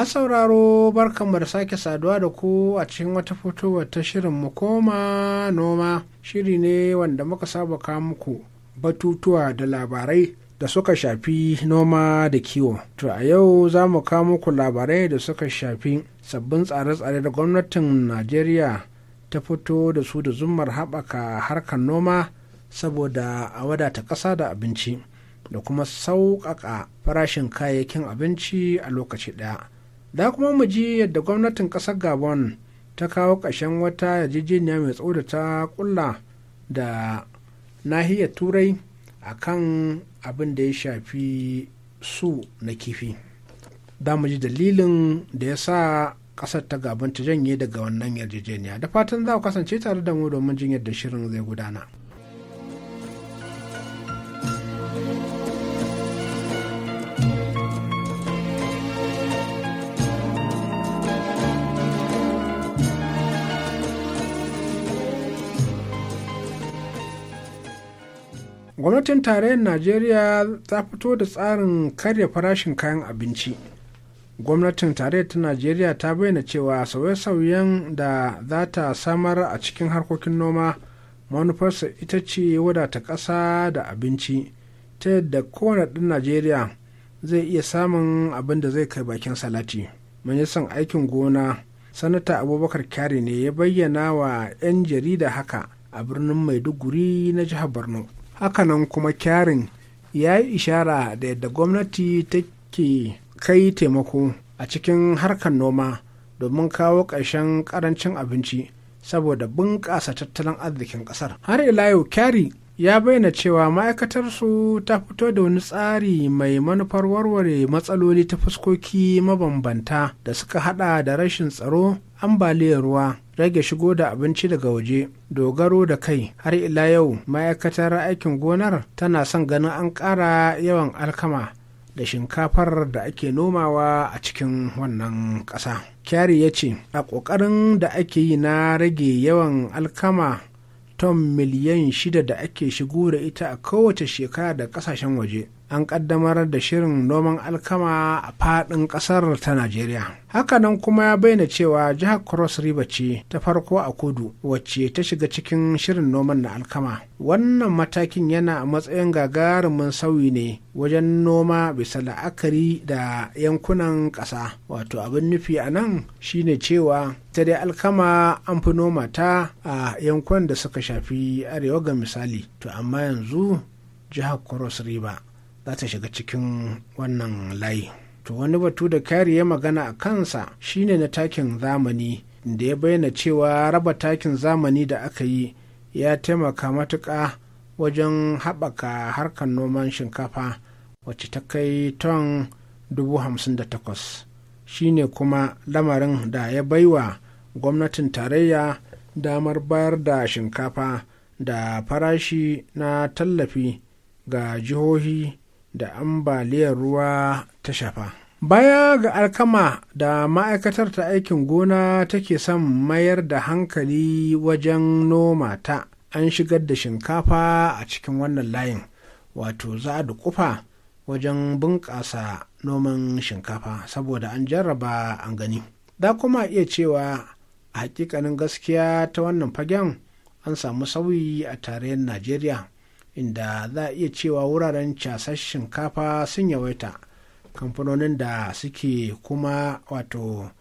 sauraro barkanmu da sake saduwa da ku a cikin wata fitowar ta shirin mu koma noma shiri ne wanda muka saba ka muku batutuwa da labarai da suka shafi noma da kiwo. To a yau za mu kawo muku labarai da suka shafi sabbin tsare-tsare da gwamnatin Najeriya ta fito da su da zummar haɓaka harkar noma saboda a wadata ƙasa da abinci da kuma sauƙaƙa farashin kayayyakin abinci a lokaci ɗaya. da kuma mu ji yadda gwamnatin ƙasar gabon ta kawo ƙarshen wata yarjejeniya mai tsoro da ta kulla da nahiyar turai a kan abin da ya shafi su na kifi da mu ji dalilin da ya sa ƙasar ta gabon ta janye daga wannan yarjejeniya da fatan za ku kasance tare da mu domin jin yadda shirin zai gudana. gwamnatin tarayyar najeriya ta fito da tsarin karya farashin kayan abinci gwamnatin tarayyar ta najeriya ta bayyana cewa sauye-sauyen da za ta samar a cikin harkokin noma manufarsa ita ce wadata ƙasa da abinci ta yadda kowane ɗin najeriya zai iya samun abin da zai kai bakin salati ministan aikin gona sanata abubakar kyari ne ya bayyana wa 'yan jarida haka a birnin maiduguri na jihar borno hakanan kuma kyarin ya yi ishara da yadda gwamnati take kai taimako a cikin harkar noma domin kawo ƙarshen ƙarancin abinci saboda bunƙasa tattalin arzikin ƙasar har ila yau kyari ya bayyana cewa ma'aikatar su ta fito da wani tsari mai manufar warware matsaloli ta fuskoki mabambanta da suka hada da rashin tsaro ambaliyar ruwa rage shigo da abinci daga waje dogaro da kai har ila yau ma'aikatar aikin gonar tana son ganin an ƙara yawan alkama da shinkafar da ake nomawa a cikin wannan ƙasa kyari ya ce a ƙoƙarin da ake yi na rage yawan alkama ton miliyan shida da ake shigo da ita a kowace shekara da ƙasashen waje an kaddamar da shirin noman alkama a fadin kasar ta Najeriya. Hakanan kuma ya bayyana cewa jihar Cross River ce ta farko a kudu wacce ta shiga cikin shirin noman na alkama. Wannan matakin yana a matsayin gagarumin sauyi ne wajen noma bisa la'akari da yankunan ƙasa. Wato abin nufi a nan shine cewa ta dai alkama an fi noma ta a yankunan da suka shafi arewa ga misali. To amma yanzu jihar Cross River za ta shiga cikin wannan layi to wani batu da kari ya magana a kansa shine na takin zamani da ya bayyana cewa raba takin zamani da aka yi ya taimaka matuƙa wajen haɓaka harkar noman shinkafa wacce ta kai ton takwas shine kuma lamarin da ya baiwa gwamnatin tarayya damar bayar da shinkafa da farashi na tallafi ga jihohi da ambaliyar ruwa ta shafa baya ga alkama da ma'aikatar ta aikin gona take son mayar da hankali wajen noma ta an shigar da shinkafa a cikin wannan layin wato za a kufa wajen bunƙasa noman shinkafa saboda an jarraba an gani da kuma iya cewa a hakikanin gaskiya ta wannan fagen an samu sauyi a tarayyar najeriya inda za a iya cewa wuraren casar shinkafa sun yawaita kamfanonin da suke kuma wato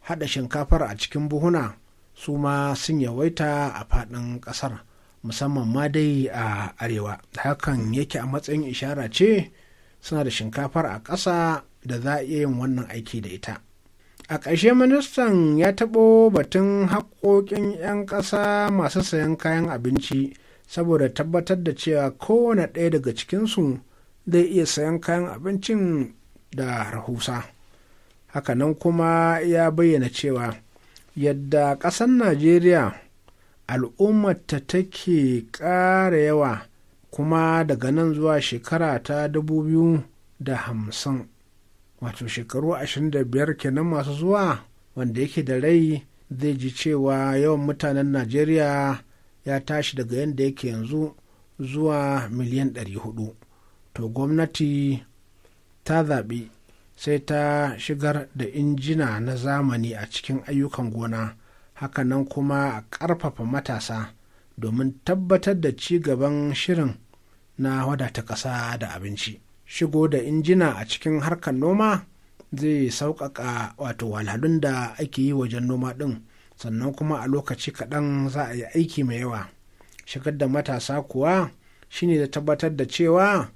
hada shinkafar a cikin buhuna su ma sun yawaita a faɗin ƙasar musamman ma dai a arewa hakan yake a matsayin ishara ce suna da shinkafar a ƙasa da za a iya yin wannan aiki da ita a ƙarshe ministan ya taɓo batun haƙoƙin 'yan ƙasa masu sayan kayan abinci saboda tabbatar da cewa kowane ɗaya daga cikinsu zai iya sayan kayan abincin da rahusa hakanan kuma ya bayyana cewa yadda ƙasar najeriya al'ummarta take ƙara yawa kuma daga nan zuwa shekara ta dubu biyu da hamsin wato shekaru ashirin da biyar kenan masu zuwa wanda yake da rai zai ji cewa yawan mutanen najeriya ya tashi daga yadda yake yanzu zuwa miliyan 400 to gwamnati ta zaɓi sai ta shigar da injina na zamani a cikin ayyukan gona hakanan kuma a ƙarfafa matasa domin tabbatar da ci gaban shirin na wadata ƙasa da abinci shigo da injina a cikin harkar noma zai sauƙaƙa wato walhalun da ake yi wajen noma ɗin sannan kuma a lokaci kaɗan za a yi aiki mai yawa shigar da matasa kuwa shine da tabbatar da cewa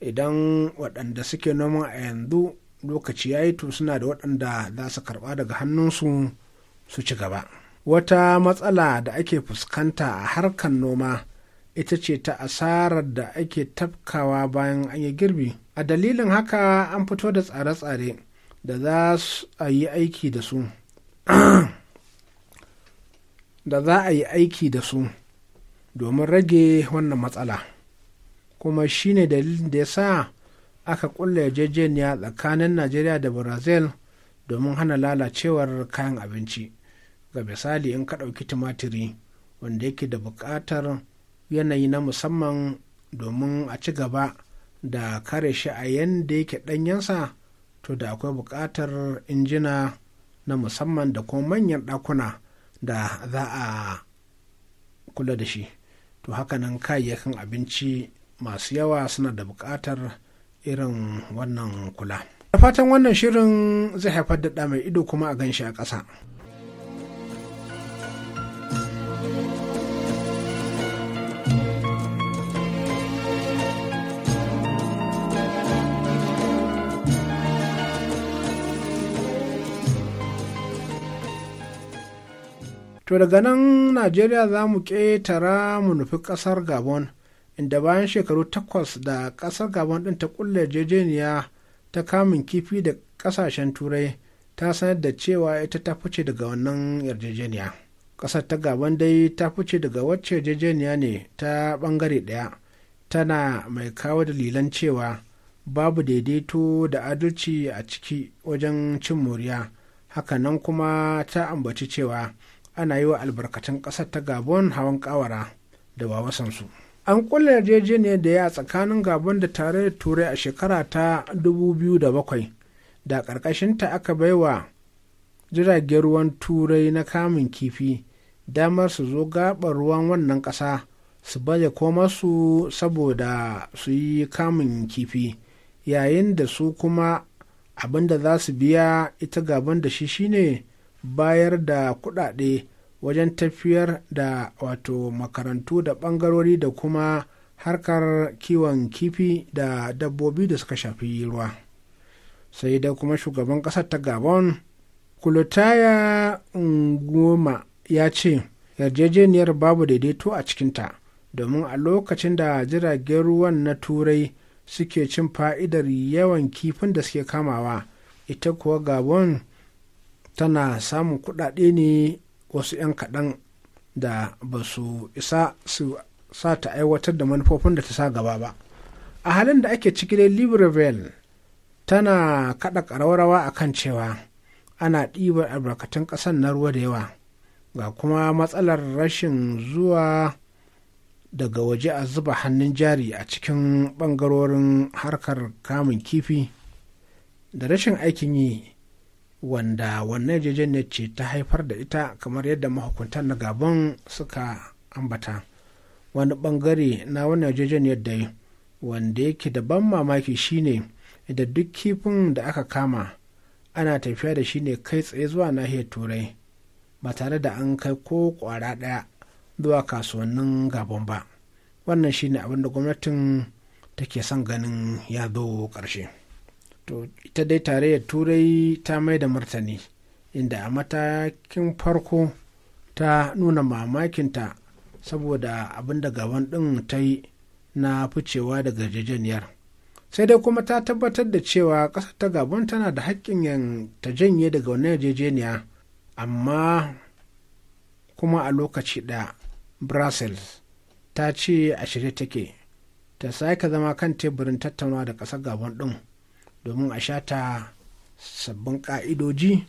idan waɗanda suke noma a yanzu lokaci ya yi to suna da waɗanda za su karɓa daga hannunsu su ci gaba wata matsala da ake fuskanta a harkar noma ita ce ta asarar da ake tafkawa bayan an yi girbi a dalilin haka an fito da tsare-tsare da za su yi aiki da su da za a yi aiki da su domin rage wannan matsala kuma shine dalilin da ya sa aka kulle yarjejeniya tsakanin najeriya da brazil domin hana lalacewar kayan abinci ga misali in ka ɗauki tumatiri wanda yake da buƙatar yanayi na musamman domin a ci gaba da kare shi a yadda yake ɗanyensa to da akwai buƙatar injina na musamman da kuma manyan ɗakuna da za a kula da shi to hakanan kayayyakin abinci masu yawa suna da buƙatar irin wannan kula da fatan wannan shirin zai haifar da ɗa mai ido kuma a ganshi a ƙasa to daga nan najeriya za mu ƙetara mu nufi ƙasar gabon inda bayan shekaru takwas da ƙasar gabon ɗin ta ƙulla yarjejeniya ta kamun kifi da ƙasashen turai ta sanar da cewa ita ta fice daga wannan yarjejeniya ƙasar ta gabon dai ta fice daga wacce yarjejeniya ne ta ɓangare ɗaya tana mai kawo dalilan cewa babu daidaito da adalci a ciki wajen cin moriya hakanan kuma ta ambaci cewa ana yi wa albarkatun ƙasar ta gabon hawan kawara da ba su an kulle yarjejeniyar da ya tsakanin gabon da tare da turai a shekara ta 2007 da ƙarƙashinta aka baiwa jiragen ruwan turai na kamun kifi damar su zo gabar ruwan wannan ƙasa su baje su saboda su yi kamun kifi yayin da su kuma abin da za su biya ita gaban da shi shine bayar da kuɗaɗe wajen tafiyar da wato makarantu da ɓangarori da kuma harkar kiwon kifi da dabbobi da suka shafi ruwa sai da kuma shugaban ƙasar ta gabon kulutaya ngoma ya ce yarjejeniyar babu daidaito a cikinta domin a lokacin da jiragen ruwan na turai suke cin fa'idar yawan kifin da suke kamawa ita kuwa gabon tana samun kuɗaɗe ne wasu 'yan kaɗan da ba su isa su sa ta aiwatar da manufofin da ta sa gaba ba a halin da ake ciki dai libreville tana kaɗa ƙararrawa a kan cewa ana ɗibar albarkatun ƙasan na ruwa da yawa ga kuma matsalar rashin zuwa daga waje a zuba hannun jari a cikin ɓangarorin harkar kamun kifi da rashin aikin yi wanda wannan yarjejeniyar ce ta haifar da ita kamar yadda mahukuntan na gabon suka ambata wani bangare na wannan yarjejeniyar dai wanda yake da ban mamaki shine da duk kifin da aka kama ana tafiya da shi ne kai tsaye zuwa nahiyar turai ba tare da an kai ko kwara daya zuwa kasuwannin gabon ba wannan shine abin da gwamnatin take son ganin ya zo ƙarshe. to ita dai tare tarayyar turai ta mai da martani inda a matakin farko ta nuna mamakinta saboda abin da gaban ɗin ta yi na ficewa daga jejeniyar sai dai kuma ta tabbatar da cewa ƙasar ta gabon tana da haƙƙin ta janye daga wani yarjejeniya amma kuma a lokaci da brussels ta ce a shirye take ta sake zama kan teburin tattaunawa da ƙasar gabon ɗin domin a shata sabbin ka'idoji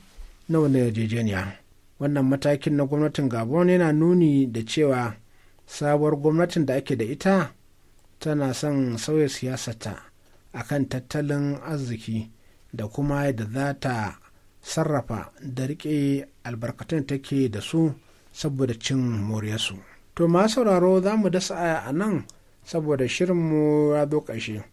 na wani yarjejeniya wannan matakin na gwamnatin gabon yana nuni da cewa sabuwar gwamnatin da ake da ita tana son sauya siyasata a kan tattalin arziki da kuma yadda za ta sarrafa da rike albarkatun take da su saboda cin moriyarsu to ma sauraro za mu dasa a nan saboda shirinmu ya zo ƙarshe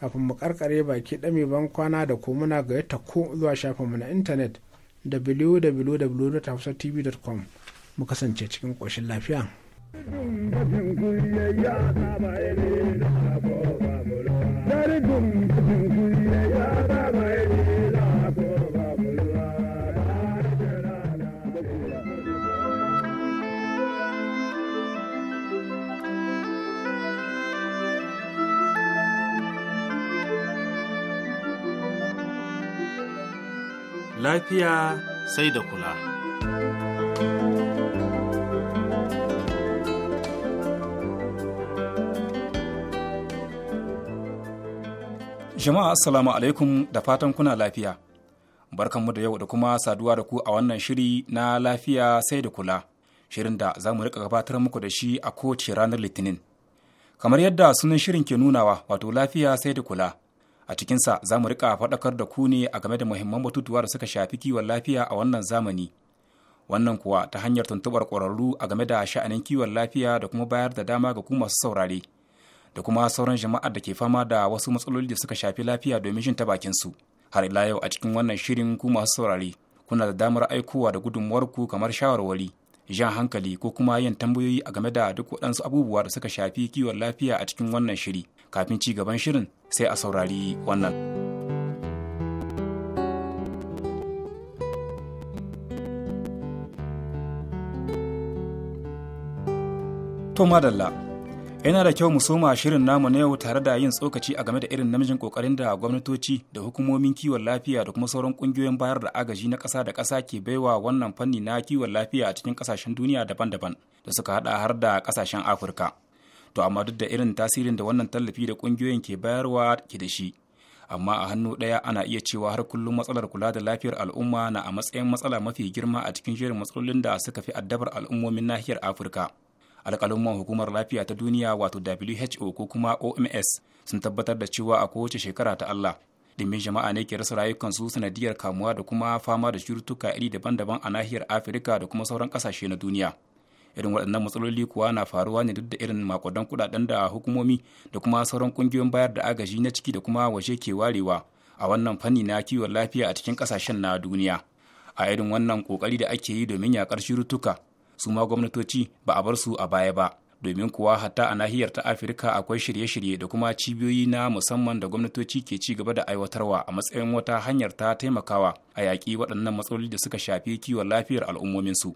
kafin mu karkare baki dame ban kwana da ko muna ga yadda ko zuwa shafin mu na intanet www.hausatv.com mu kasance cikin koshin lafiya. Dari lafiya sai da kula. Jama'a Assalamu alaikum da fatan kuna lafiya. Barkanmu da yau da kuma saduwa da ku a wannan shiri na lafiya sai da kula, shirin da za mu rika gabatar muku da shi a kowace ranar Litinin. Kamar yadda sunan shirin ke nunawa wato lafiya sai da kula. a cikinsa za mu rika faɗakar da ku ne a game da muhimman batutuwa da suka shafi kiwon lafiya a wannan zamani wannan kuwa ta hanyar tuntuɓar ƙwararru a game da sha'anin kiwon lafiya da kuma bayar da dama ga ku masu saurare da kuma sauran jama'ar da ke fama da wasu matsaloli da suka shafi lafiya domin shin ta bakin su har ila yau a cikin wannan shirin ku masu saurare kuna da damar aikowa da gudunmuwar ku kamar shawarwari jan hankali ko kuma yin tambayoyi a game da duk waɗansu abubuwa da suka shafi kiwon lafiya a cikin wannan shiri kafin ci gaban shirin sai a saurari wannan. To madalla, yana da kyau mu soma shirin namu na yau tare da yin tsokaci a game da irin namijin kokarin da gwamnatoci da hukumomin kiwon lafiya da kuma sauran kungiyoyin bayar da agaji na ƙasa da ƙasa ke baiwa wannan fanni na kiwon lafiya a cikin ƙasashen duniya daban-daban da suka hada har da ƙasashen Afirka. to amma duk da irin tasirin da wannan tallafi da kungiyoyin ke bayarwa ke da shi amma a hannu ɗaya ana iya cewa har kullum matsalar kula da lafiyar al'umma na a matsayin matsala mafi girma a cikin shirin matsalolin da suka fi addabar al'ummomin nahiyar afirka alƙalumman hukumar lafiya ta duniya wato who ko kuma oms sun tabbatar da cewa a kowace shekara ta allah dimin jama'a ne ke rasa rayukansu sanadiyar kamuwa da kuma fama da cututtuka iri daban-daban a nahiyar afirka da kuma sauran kasashe na duniya irin waɗannan matsaloli kuwa na faruwa ne duk da irin makudan kuɗaɗen da hukumomi da kuma sauran ƙungiyoyin bayar da agaji na ciki da kuma waje ke warewa a wannan fanni na kiwon lafiya a cikin ƙasashen na duniya a irin wannan ƙoƙari da ake yi domin yaƙar shirutuka su ma gwamnatoci ba a bar su a baya ba domin kuwa hatta a nahiyar ta afirka akwai shirye-shirye da kuma cibiyoyi na musamman da gwamnatoci ke ci gaba da aiwatarwa a matsayin wata hanyar ta taimakawa a yaƙi waɗannan matsaloli da suka shafi kiwon lafiyar al'ummominsu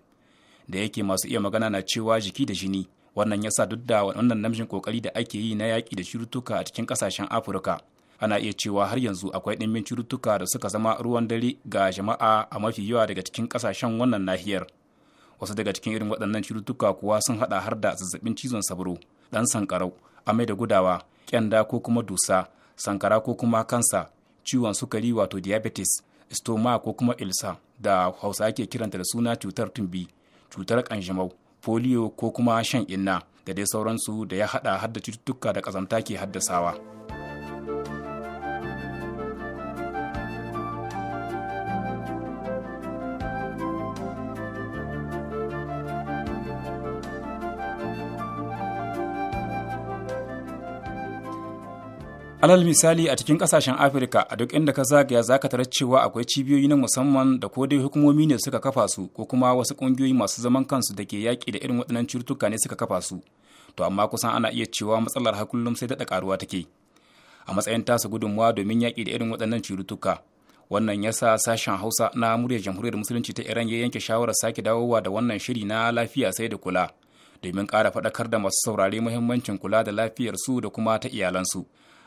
da yake masu iya magana na cewa jiki da jini wannan yasa duk da wannan namijin kokari da ake yi na yaƙi da cututtuka a cikin ƙasashen afirka ana iya cewa har yanzu akwai ɗimbin cututtuka da suka zama ruwan dare ga jama'a a mafi yawa daga cikin ƙasashen wannan nahiyar wasu daga cikin irin waɗannan cututtuka kuwa sun haɗa har da zazzabin cizon sabro ɗan sankarau amai da gudawa ƙyanda ko kuma dusa sankara ko kuma kansa ciwon sukari wato diabetes stoma ko kuma ilsa da hausa ake kiranta da suna cutar tumbi cutar kanjamau polio ko kuma shan inna da dai sauransu da ya hada hadda cututtuka da kazamta ke haddasawa. alal misali a cikin kasashen afirka a duk inda ka zagaya za ka tarar cewa akwai cibiyoyi na musamman da ko dai hukumomi ne suka kafa su ko kuma wasu ƙungiyoyi masu zaman kansu da ke yaƙi da irin waɗannan cututtuka ne suka kafa su to amma kusan ana iya cewa matsalar har kullum sai daɗa ƙaruwa take a matsayin tasa gudunmawa domin yaƙi da irin waɗannan cututtuka wannan ya sa sashen hausa na muryar jamhuriyar musulunci ta iran ya yanke shawarar sake dawowa da wannan shiri na lafiya sai da kula domin ƙara faɗakar da masu saurare muhimmancin kula da lafiyarsu da kuma ta iyalansu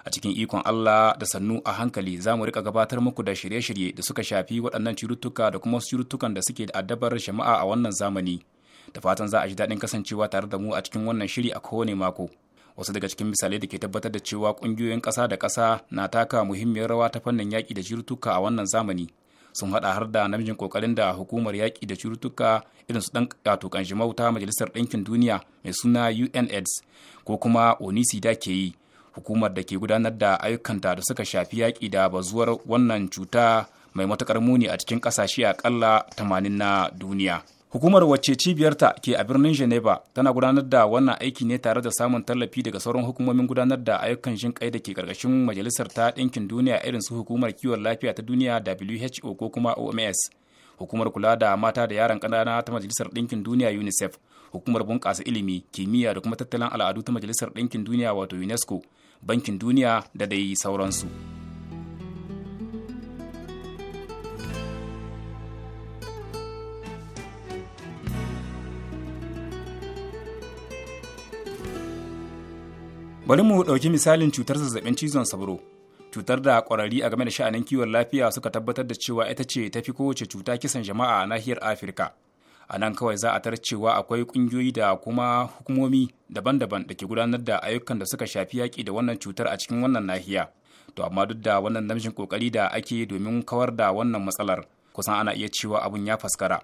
a cikin ikon Allah da sannu a hankali za mu rika gabatar muku da shirye-shirye da suka shafi waɗannan cututtuka da kuma cututtukan da suke da addabar jama'a a wannan zamani da fatan za a ji daɗin kasancewa tare da mu a cikin wannan shiri a kowane mako wasu daga cikin misalai da ke tabbatar da cewa ƙungiyoyin ƙasa da ƙasa na taka muhimmiyar rawa ta fannin yaƙi da cututtuka a wannan zamani sun haɗa har da namijin ƙoƙarin da hukumar yaƙi da cututtuka irin su ɗan wato kanjimau majalisar ɗinkin duniya mai suna unaids ko kuma onisida ke yi hukumar da ke gudanar da ayyukanta da suka shafi yaƙi da bazuwar wannan cuta mai matuƙar muni a cikin ƙasashe aƙalla tamanin na duniya. Hukumar wacce cibiyarta ke a birnin Geneva tana gudanar da wannan aiki ne tare da samun tallafi daga sauran hukumomin gudanar da ayyukan jin kai da ke karkashin Majalisar ta Ɗinkin Duniya irin su Hukumar Kiwon Lafiya ta Duniya WHO ko kuma OMS. Hukumar kula da mata da yaran ƙanana ta Majalisar Ɗinkin Duniya UNICEF, Hukumar bunƙasa ilimi, kimiyya da kuma tattalin al'adu ta Majalisar Ɗinkin Duniya wato UNESCO, bankin duniya da dai sauransu bari mu ɗauki misalin cutar zazzaɓin cizon sauro cutar da ƙwararri a game da sha'anin kiwon lafiya suka tabbatar da cewa ita ce ta fi kowace cuta kisan jama'a a nahiyar afirka a nan kawai za a tar cewa akwai kungiyoyi da kuma hukumomi daban-daban da ke gudanar da ayyukan da suka shafi yaƙi da wannan cutar a cikin wannan nahiya to amma duk da wannan namshin kokari da ake domin kawar da wannan matsalar kusan ana iya cewa abun ya faskara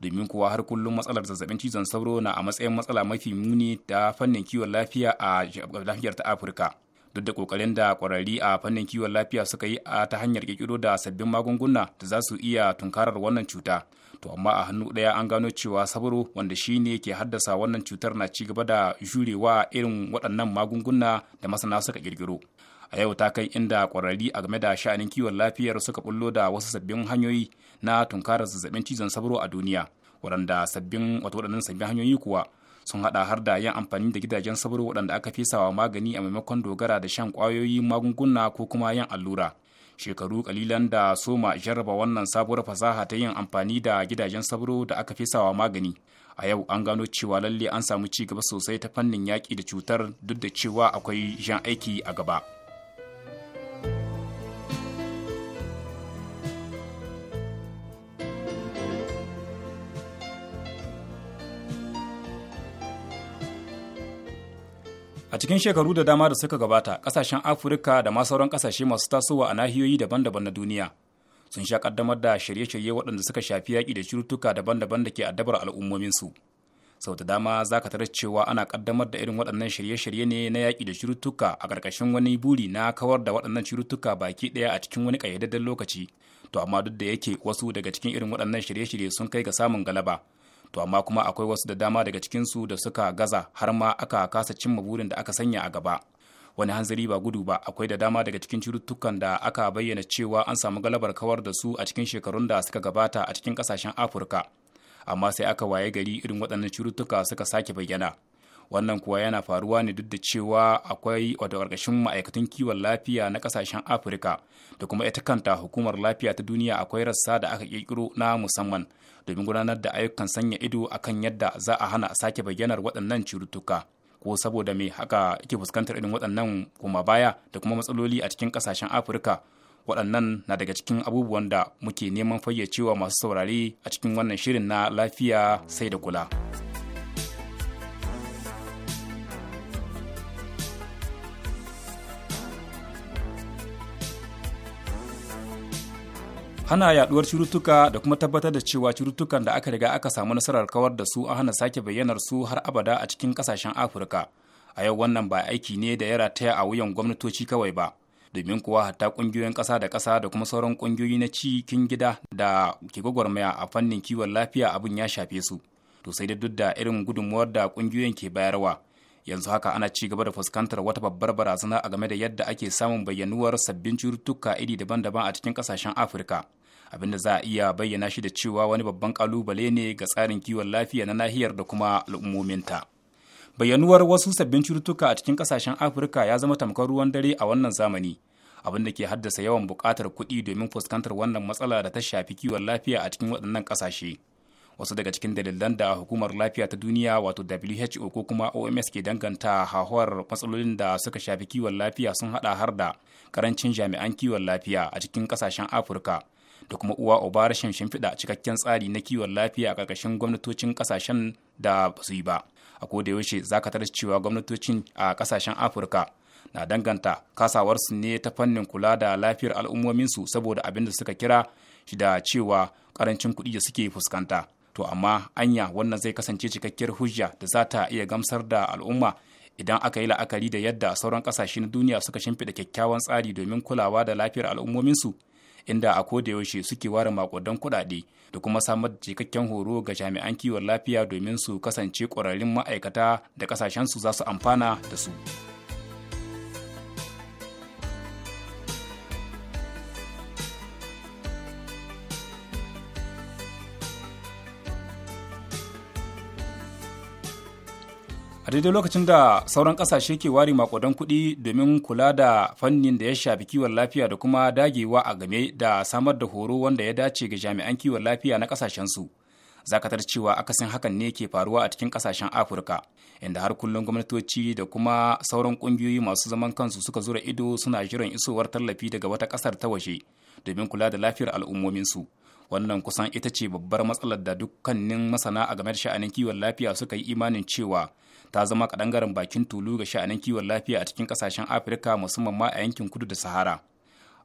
domin kuwa har kullum matsalar zazzabin cizon sauro na a matsayin matsala mafi muni da fannin kiwon lafiya a lafiyar ta afirka duk da kokarin da kwararri a fannin kiwon lafiya suka yi a ta hanyar kirkiro da sabbin magunguna da za su iya tunkarar wannan cuta to amma a hannu ɗaya an gano cewa saburo wanda shi ne ke haddasa wannan cutar na ci gaba da jurewa irin waɗannan magunguna da masana suka kirkiro a yau ta kai inda kwararri a game da sha'anin kiwon lafiyar suka bullo da wasu sabbin hanyoyi na tunkarar zazzabin cizon saburo a duniya waɗanda sabbin wato waɗannan sabbin hanyoyi kuwa sun hada har da yin amfani da gidajen sabro waɗanda aka fesawa magani a maimakon dogara da shan kwayoyi magunguna ko kuma yin allura shekaru kalilan da soma jarraba wannan sabuwar fasaha ta yin amfani da gidajen sabro da aka fesawa magani a yau an gano cewa lalle an samu ci gaba sosai ta fannin yaƙi da cutar duk da cewa akwai jan aiki a gaba. A cikin shekaru da dama da suka gabata, kasashen Afirka da ma sauran kasashe masu tasowa a nahiyoyi daban-daban na duniya sun sha kaddamar da shirye-shirye waɗanda suka shafi yaƙi da cututtuka daban-daban da ke addabar al'ummominsu. Sau da dama za ka tarar cewa ana kaddamar da irin waɗannan shirye-shirye ne na yaƙi da cututtuka a ƙarƙashin wani buri na kawar da waɗannan cututtuka baki ɗaya a cikin wani ƙayyadadden lokaci. To amma duk da yake wasu daga cikin irin waɗannan shirye-shirye sun kai ga samun galaba. to amma kuma akwai wasu da dama daga cikinsu da suka gaza har ma aka kasa cimma burin da aka sanya a gaba wani hanzari ba gudu ba akwai da dama daga cikin cututtukan da aka bayyana cewa an samu galabar kawar da su a cikin shekarun da suka gabata a cikin kasashen afirka amma sai aka waye gari irin waɗannan cututtuka suka sake bayyana wannan kuwa yana faruwa ne duk da cewa akwai wato ƙarƙashin ma'aikatan kiwon lafiya na ƙasashen afirka da kuma ita kanta hukumar lafiya ta duniya akwai rassa da aka ƙirƙiro na musamman domin gudanar da ayyukan sanya ido akan yadda za a hana sake bayyanar waɗannan cututtuka ko saboda me haka ke fuskantar irin waɗannan kuma baya da kuma matsaloli a cikin ƙasashen afirka waɗannan na daga cikin abubuwan da muke neman fayyacewa masu saurare a cikin wannan shirin na lafiya sai da kula. hana yaduwar cututtuka da kuma tabbatar da cewa cututtukan da aka riga aka samu nasarar kawar da su a hana sake bayyanar su har abada a cikin kasashen afirka a yau wannan ba aiki ne da ya rataya a wuyan gwamnatoci kawai ba domin kuwa hatta kungiyoyin ƙasa da ƙasa da kuma sauran kungiyoyi na cikin gida da ke gwagwarmaya a fannin kiwon lafiya abin ya shafe su to sai duk da irin gudunmuwar da kungiyoyin ke bayarwa yanzu haka ana ci gaba da fuskantar wata babbar barazana a game da yadda ake samun bayyanuwar sabbin cututtuka iri daban-daban a cikin kasashen afirka abin da za a iya bayyana shi da cewa wani babban kalubale ne ga tsarin kiwon lafiya na nahiyar da kuma al'ummominta bayyanuwar wasu sabbin cututtuka a cikin kasashen afirka ya zama tamkar ruwan dare a wannan zamani abin da ke haddasa yawan bukatar kuɗi domin fuskantar wannan matsala da ta shafi kiwon lafiya a cikin waɗannan ƙasashe wasu daga cikin dalilan da hukumar lafiya ta duniya wato WHO ko kuma OMS ke danganta hahuwar matsalolin da suka shafi kiwon lafiya sun hada har da karancin jami'an kiwon lafiya a cikin kasashen Afirka da kuma uwa uba rashin shimfiɗa cikakken tsari na kiwon lafiya a ƙarƙashin gwamnatocin ƙasashen da ba su yi ba a koda yaushe za ka cewa gwamnatocin a ƙasashen afirka na danganta kasawarsu ne ta fannin kula da lafiyar al'ummominsu saboda abin da suka kira shi da cewa ƙarancin kuɗi da suke fuskanta to amma anya wannan zai kasance cikakkiyar hujja da za ta iya gamsar da al'umma idan aka yi la'akari da yadda sauran kasashe na duniya suka shimfiɗa kyakkyawan tsari domin kulawa da lafiyar al'ummominsu inda a yaushe suke ware makudan kuɗaɗe da kuma samar da cikakken horo ga jami'an kiwon lafiya domin su kasance ƙwararrun ma'aikata da ƙasashensu za su amfana da su. a daidai lokacin da sauran kasashe ke ware makudan kuɗi domin kula da fannin da ya shafi kiwon lafiya da kuma dagewa a game da samar da horo wanda ya dace ga jami'an kiwon lafiya na kasashensu zakatar cewa akasin hakan ne ke faruwa a cikin kasashen afirka inda har kullum gwamnatoci da kuma sauran ƙungiyoyi masu zaman kansu suka zura ido suna jiran isowar tallafi daga wata ƙasar ta waje domin kula da lafiyar al'ummominsu wannan kusan ita ce babbar matsalar da dukkanin masana a game da sha'anin kiwon lafiya suka yi imanin cewa ta zama kadangaren bakin tulu ga sha'anin kiwon lafiya a cikin kasashen afirka musamman ma a yankin kudu da sahara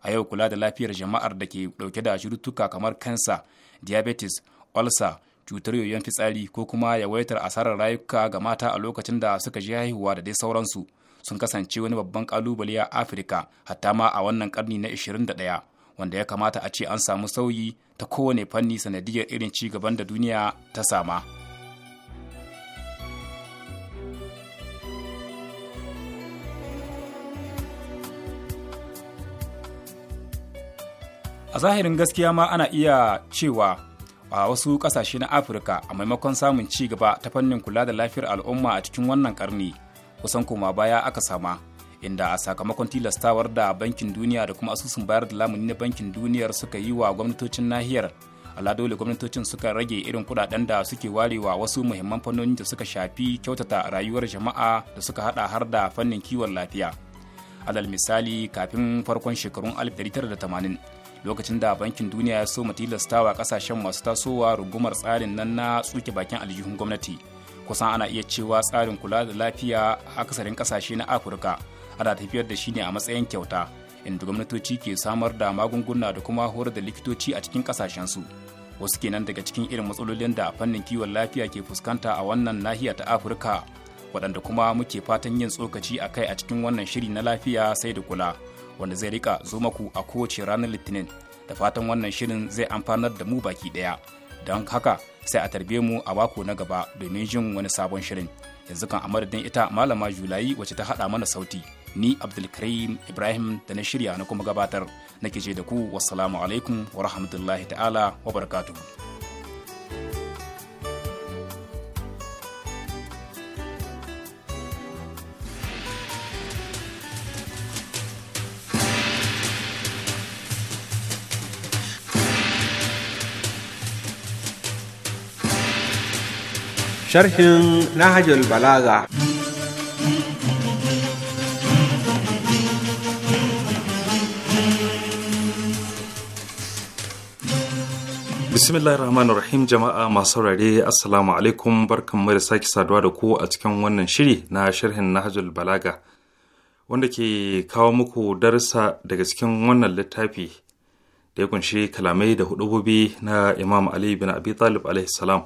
a yau kula da lafiyar jama'ar da ke dauke da shirutuka kamar kansa diabetes ulcer cutar yoyon fitsari ko kuma yawaitar asarar rayuka ga mata a lokacin da suka je haihuwa da dai sauransu sun kasance wani babban kalubale a afirka hatta ma a wannan karni na 21 wanda ya kamata a ce an samu sauyi ta kowane fanni sanadiyar irin ci gaban da duniya ta sama. a zahirin gaskiya ma ana iya cewa a wasu kasashe na afirka a maimakon samun ci gaba ta fannin kula da lafiyar al'umma a cikin wannan karni kusan koma baya aka sama inda a sakamakon tilastawar da bankin duniya da kuma asusun bayar da lamuni na bankin duniyar suka yi wa gwamnatocin nahiyar aladole gwamnatocin suka rage irin kudaden da suke warewa wasu muhimman fannoni da suka shafi kyautata rayuwar jama'a da suka hada har da fannin kiwon lafiya alal misali kafin farkon shekarun 1980 lokacin da bankin duniya ya so mu tilastawa kasashen masu tasowa rungumar tsarin nan na tsuke bakin aljihun gwamnati kusan ana iya cewa tsarin kula da lafiya a akasarin kasashe na afirka ana tafiyar da shi ne a matsayin kyauta inda gwamnatoci ke samar da magunguna da kuma horar da likitoci a cikin kasashensu wasu kenan daga cikin irin matsalolin da fannin kiwon lafiya ke fuskanta a wannan nahiya ta afirka waɗanda kuma muke fatan yin tsokaci a kai a cikin wannan shiri na lafiya sai da kula wanda zai rika zo maku a kowace ranar litinin da fatan wannan shirin zai amfanar da mu baki daya don haka sai a tarbe mu a mako na gaba domin jin wani sabon shirin yanzu kan a madadin ita malama julayi wacce ta hada mana sauti ni abdulkarim ibrahim da na shirya na kuma gabatar nake ce da ku wassalamu alaikum wa rahmatullahi ta'ala wa barakatuhu sharhin Nahajul Balaga. Bismillahir Rahmanir Rahim jama'a masu saurare Assalamu alaikum barkanmu da sake saduwa da ku a cikin wannan shiri na sharhin Nahajul Balaga wanda ke kawo muku darsa daga cikin wannan littafi da ya kunshi kalamai da hudububi na Imam Ali bin Abi Talib alaihi salam.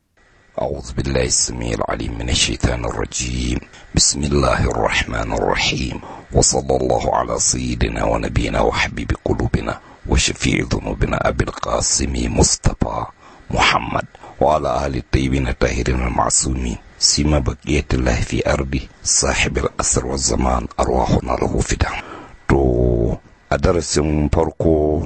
أعوذ بالله السميع العليم من الشيطان الرجيم بسم الله الرحمن الرحيم وصلى الله على سيدنا ونبينا وحبيب قلوبنا وشفيع ذنوبنا أبي القاسم مصطفى محمد وعلى آل الطيبين الطاهرين المعصومين سيما بقية الله في أربي صاحب الأسر والزمان أرواحنا له فدا تو أدرس فرقو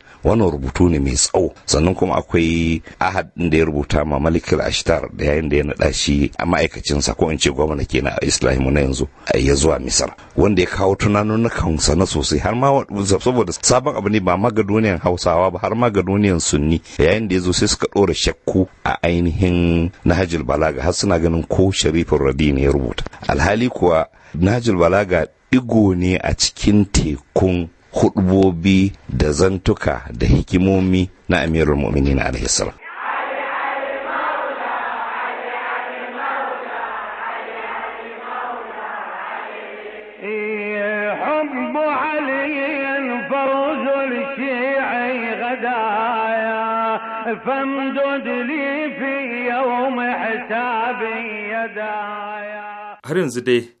wannan rubutu ne mai tsawo sannan kuma akwai ahad din da ya rubuta ma malik ashtar da yayin da ya naɗa shi a ma'aikacinsa ko in ce gwamna kenan a islamu na yanzu ya zuwa misar wanda ya kawo tunanin na sosai har ma saboda sabon abu ne ba duniyan hausawa ba har ma ga duniyan sunni yayin da ya zo sai suka ɗora shakku a ainihin nahajul balaga har suna ganin ko sharifin radi ne ya rubuta alhali kuwa nahajul balaga digo ne a cikin tekun hudubobi da zantuka da hikimomi na amirul mu'minin alaihi salam فامدد لي har yanzu dai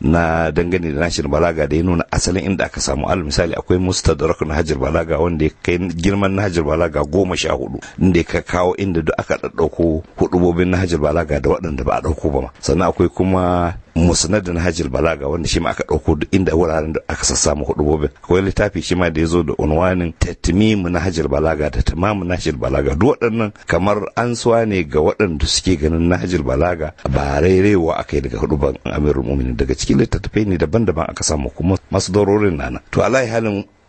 na dangane da nashin balaga da ya nuna asalin inda aka samu al misali akwai mustadrak na hajar balaga wanda ya kai girman na hajar balaga goma sha hudu inda ka kawo inda duk aka ɗaɗɗauko hudubobin na hajar balaga da waɗanda ba a ɗauko ba sannan akwai kuma musnadin hajjil balaga wanda shi ma aka ɗauko duk inda wuraren da aka sassamu hudubobin akwai littafi shi ma da ya zo da unwanin tatmimu na hajjil balaga da tamamu na hajjil balaga duk waɗannan kamar an suwa ne ga waɗanda suke ganin na hajjil balaga ba rairewa aka yi daga ban amirul mu'minin daga cikin littattafai ne daban-daban aka samu kuma masu dororin nana to alai halin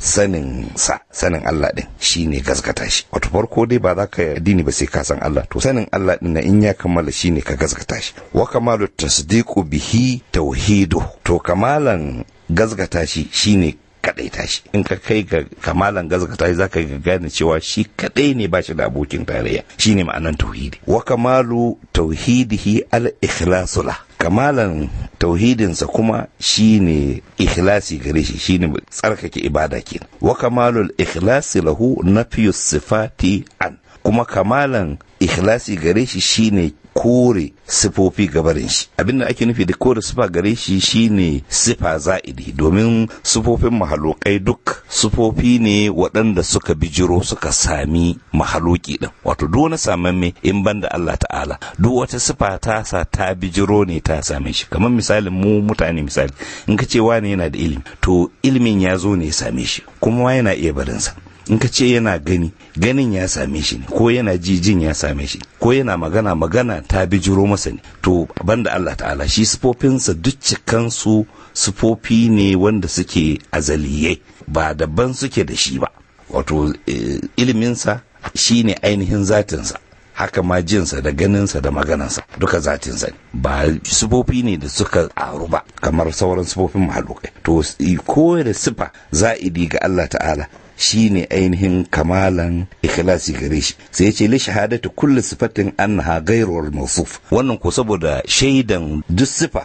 sanin sa sanin Allah din shine gaskata shi wato farko dai ba za ka addini ba sai ka san Allah to sanin Allah din na in ya kammala shine ka gaskata shi wa kamalu tasdiqu bihi tauhidu to kamalan gaskata shi shine kadai tashi in ka kai ga kamalan gazgata za ga gane cewa shi kadai ne ba shi da abokin tarayya shine ma'anan tauhidi wa kamalu tauhidihi al ikhlasu kamalan tauhidinsa kuma shine ikhlasi gare shi shine tsarkake ibada ke wa kamalul ikhlasi lahu nafiyus sifati an kuma kamalan ikhlasi gare shi shine kore sifofi gabarin shi abinda ake nufi da kore sifa gare shi shine sifa za'idi domin sifofin mahalokai duk sifofi ne waɗanda suka bijiro suka sami mahaloki din wato duk wani samamme in banda Allah ta'ala duk wata sifa ta sa ta bijiro ne ta same shi kamar misalin mu mutane misali in ka ce wani yana da ilimi to ilimin ya zo ne ya same shi kuma yana iya barinsa in ka ce yana gani ganin ya same shi ne ko yana ji jin ya same shi ko yana magana magana ta bijiro masa ne to banda Allah ta'ala shi sufofinsa duk cikansu sufofi ne wanda suke azaliye ba daban suke da shi ba wato eh, iliminsa shi ne ainihin zatinsa haka ma jinsa da ganinsa da maganansa duka zatinsa ne ba sufofi ne da suka aru ba kamar sauran sufofin mahalukai to ko da sifa za'idi ga Allah ta'ala shi ne ainihin kamalan ikhlasi gare shi sai ya ce li shahadatu kulli sifatin annaha ghairu al mawsuf wannan ko saboda shaidan duk sifa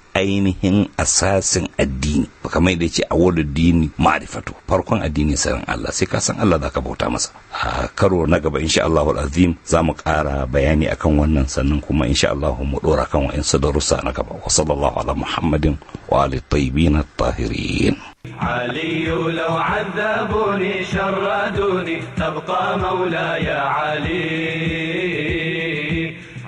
ainihin asasin addini kamar da ce a wadda dini ma'arifato farkon addini sanin Allah sai ka san Allah za ka bauta masa a karo na gaba insha Allah azim za mu ƙara bayani akan wannan sannan kuma insha Allah mu ɗora kan wa'insu darussa na gaba wa sallallahu ala muhammadin wa ali tayyibin tahirin علي لو عذبوني شردوني تبقى مولاي علي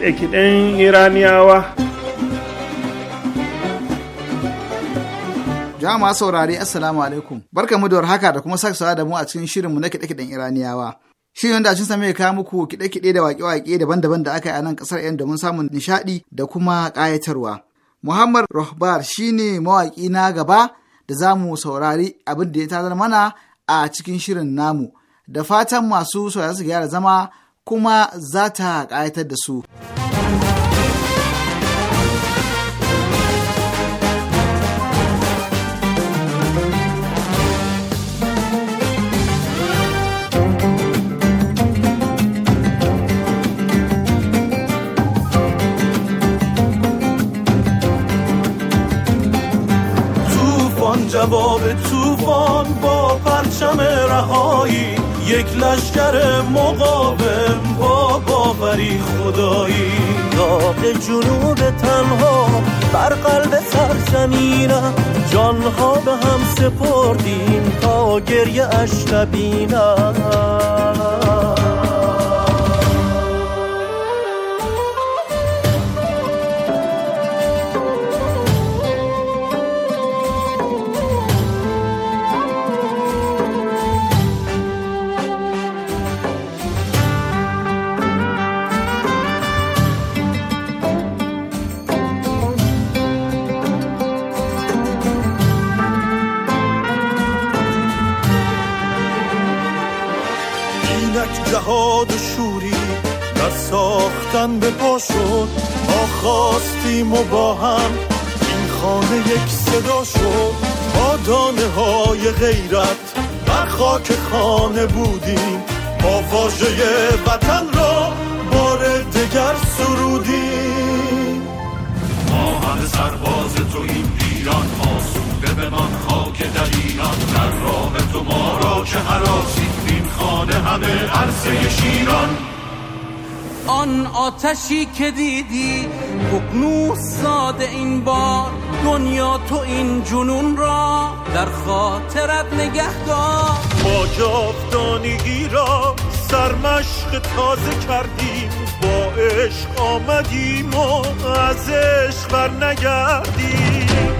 kiɗe-kiɗen iraniyawa jama'a saurari assalamu alaikum barka mu da warhaka da kuma sake da mu a cikin shirinmu na kiɗe-kiɗen iraniyawa shirin wanda cin sami kawo muku kiɗe-kiɗe da waƙe-waƙe daban-daban da aka yi a nan ƙasar yan domin samun nishaɗi da kuma ƙayatarwa muhammad rohbar ne mawaƙi na gaba da za mu saurari abin da ya tazar mana a cikin shirin namu da fatan masu saurari su gyara zama kuma za ta ƙayatar da su. جواب توفان با پرچم رهایی یک لشکر مقاوم با باوری خدایی داغ جنوب تنها بر قلب سرزمینم جانها به هم سپردیم تا گریه اش نهاد و شوری در ساختن به پا شد ما خواستیم و با هم این خانه یک صدا شد ما دانه های غیرت بر خاک خانه بودیم ما واژه وطن را بار دگر سرودیم ما هم سرباز تو این ایران آسوده به من خاک در ایران در راه تو ما را چه حراسی همه عرصه شیران آن آتشی که دیدی بگنوس ساده این بار دنیا تو این جنون را در خاطرت نگه دار با را سرمشق تازه کردیم با عشق آمدیم و از عشق نگردیم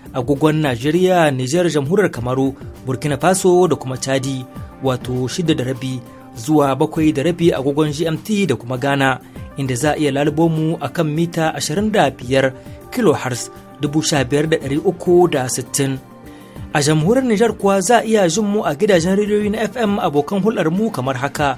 agogon Najeriya, Nijar, Jamhuriyar Kamaru, Burkina Faso da kuma Chadi, wato shida da rabi zuwa bakwai da rabi agogon GMT da kuma Ghana, inda za a iya lalubo mu a kan mita 25 kHz 15,360. A jamhuriyar Nijar kuwa za a iya jin mu a gidajen rediyoyi na FM abokan hular mu kamar haka.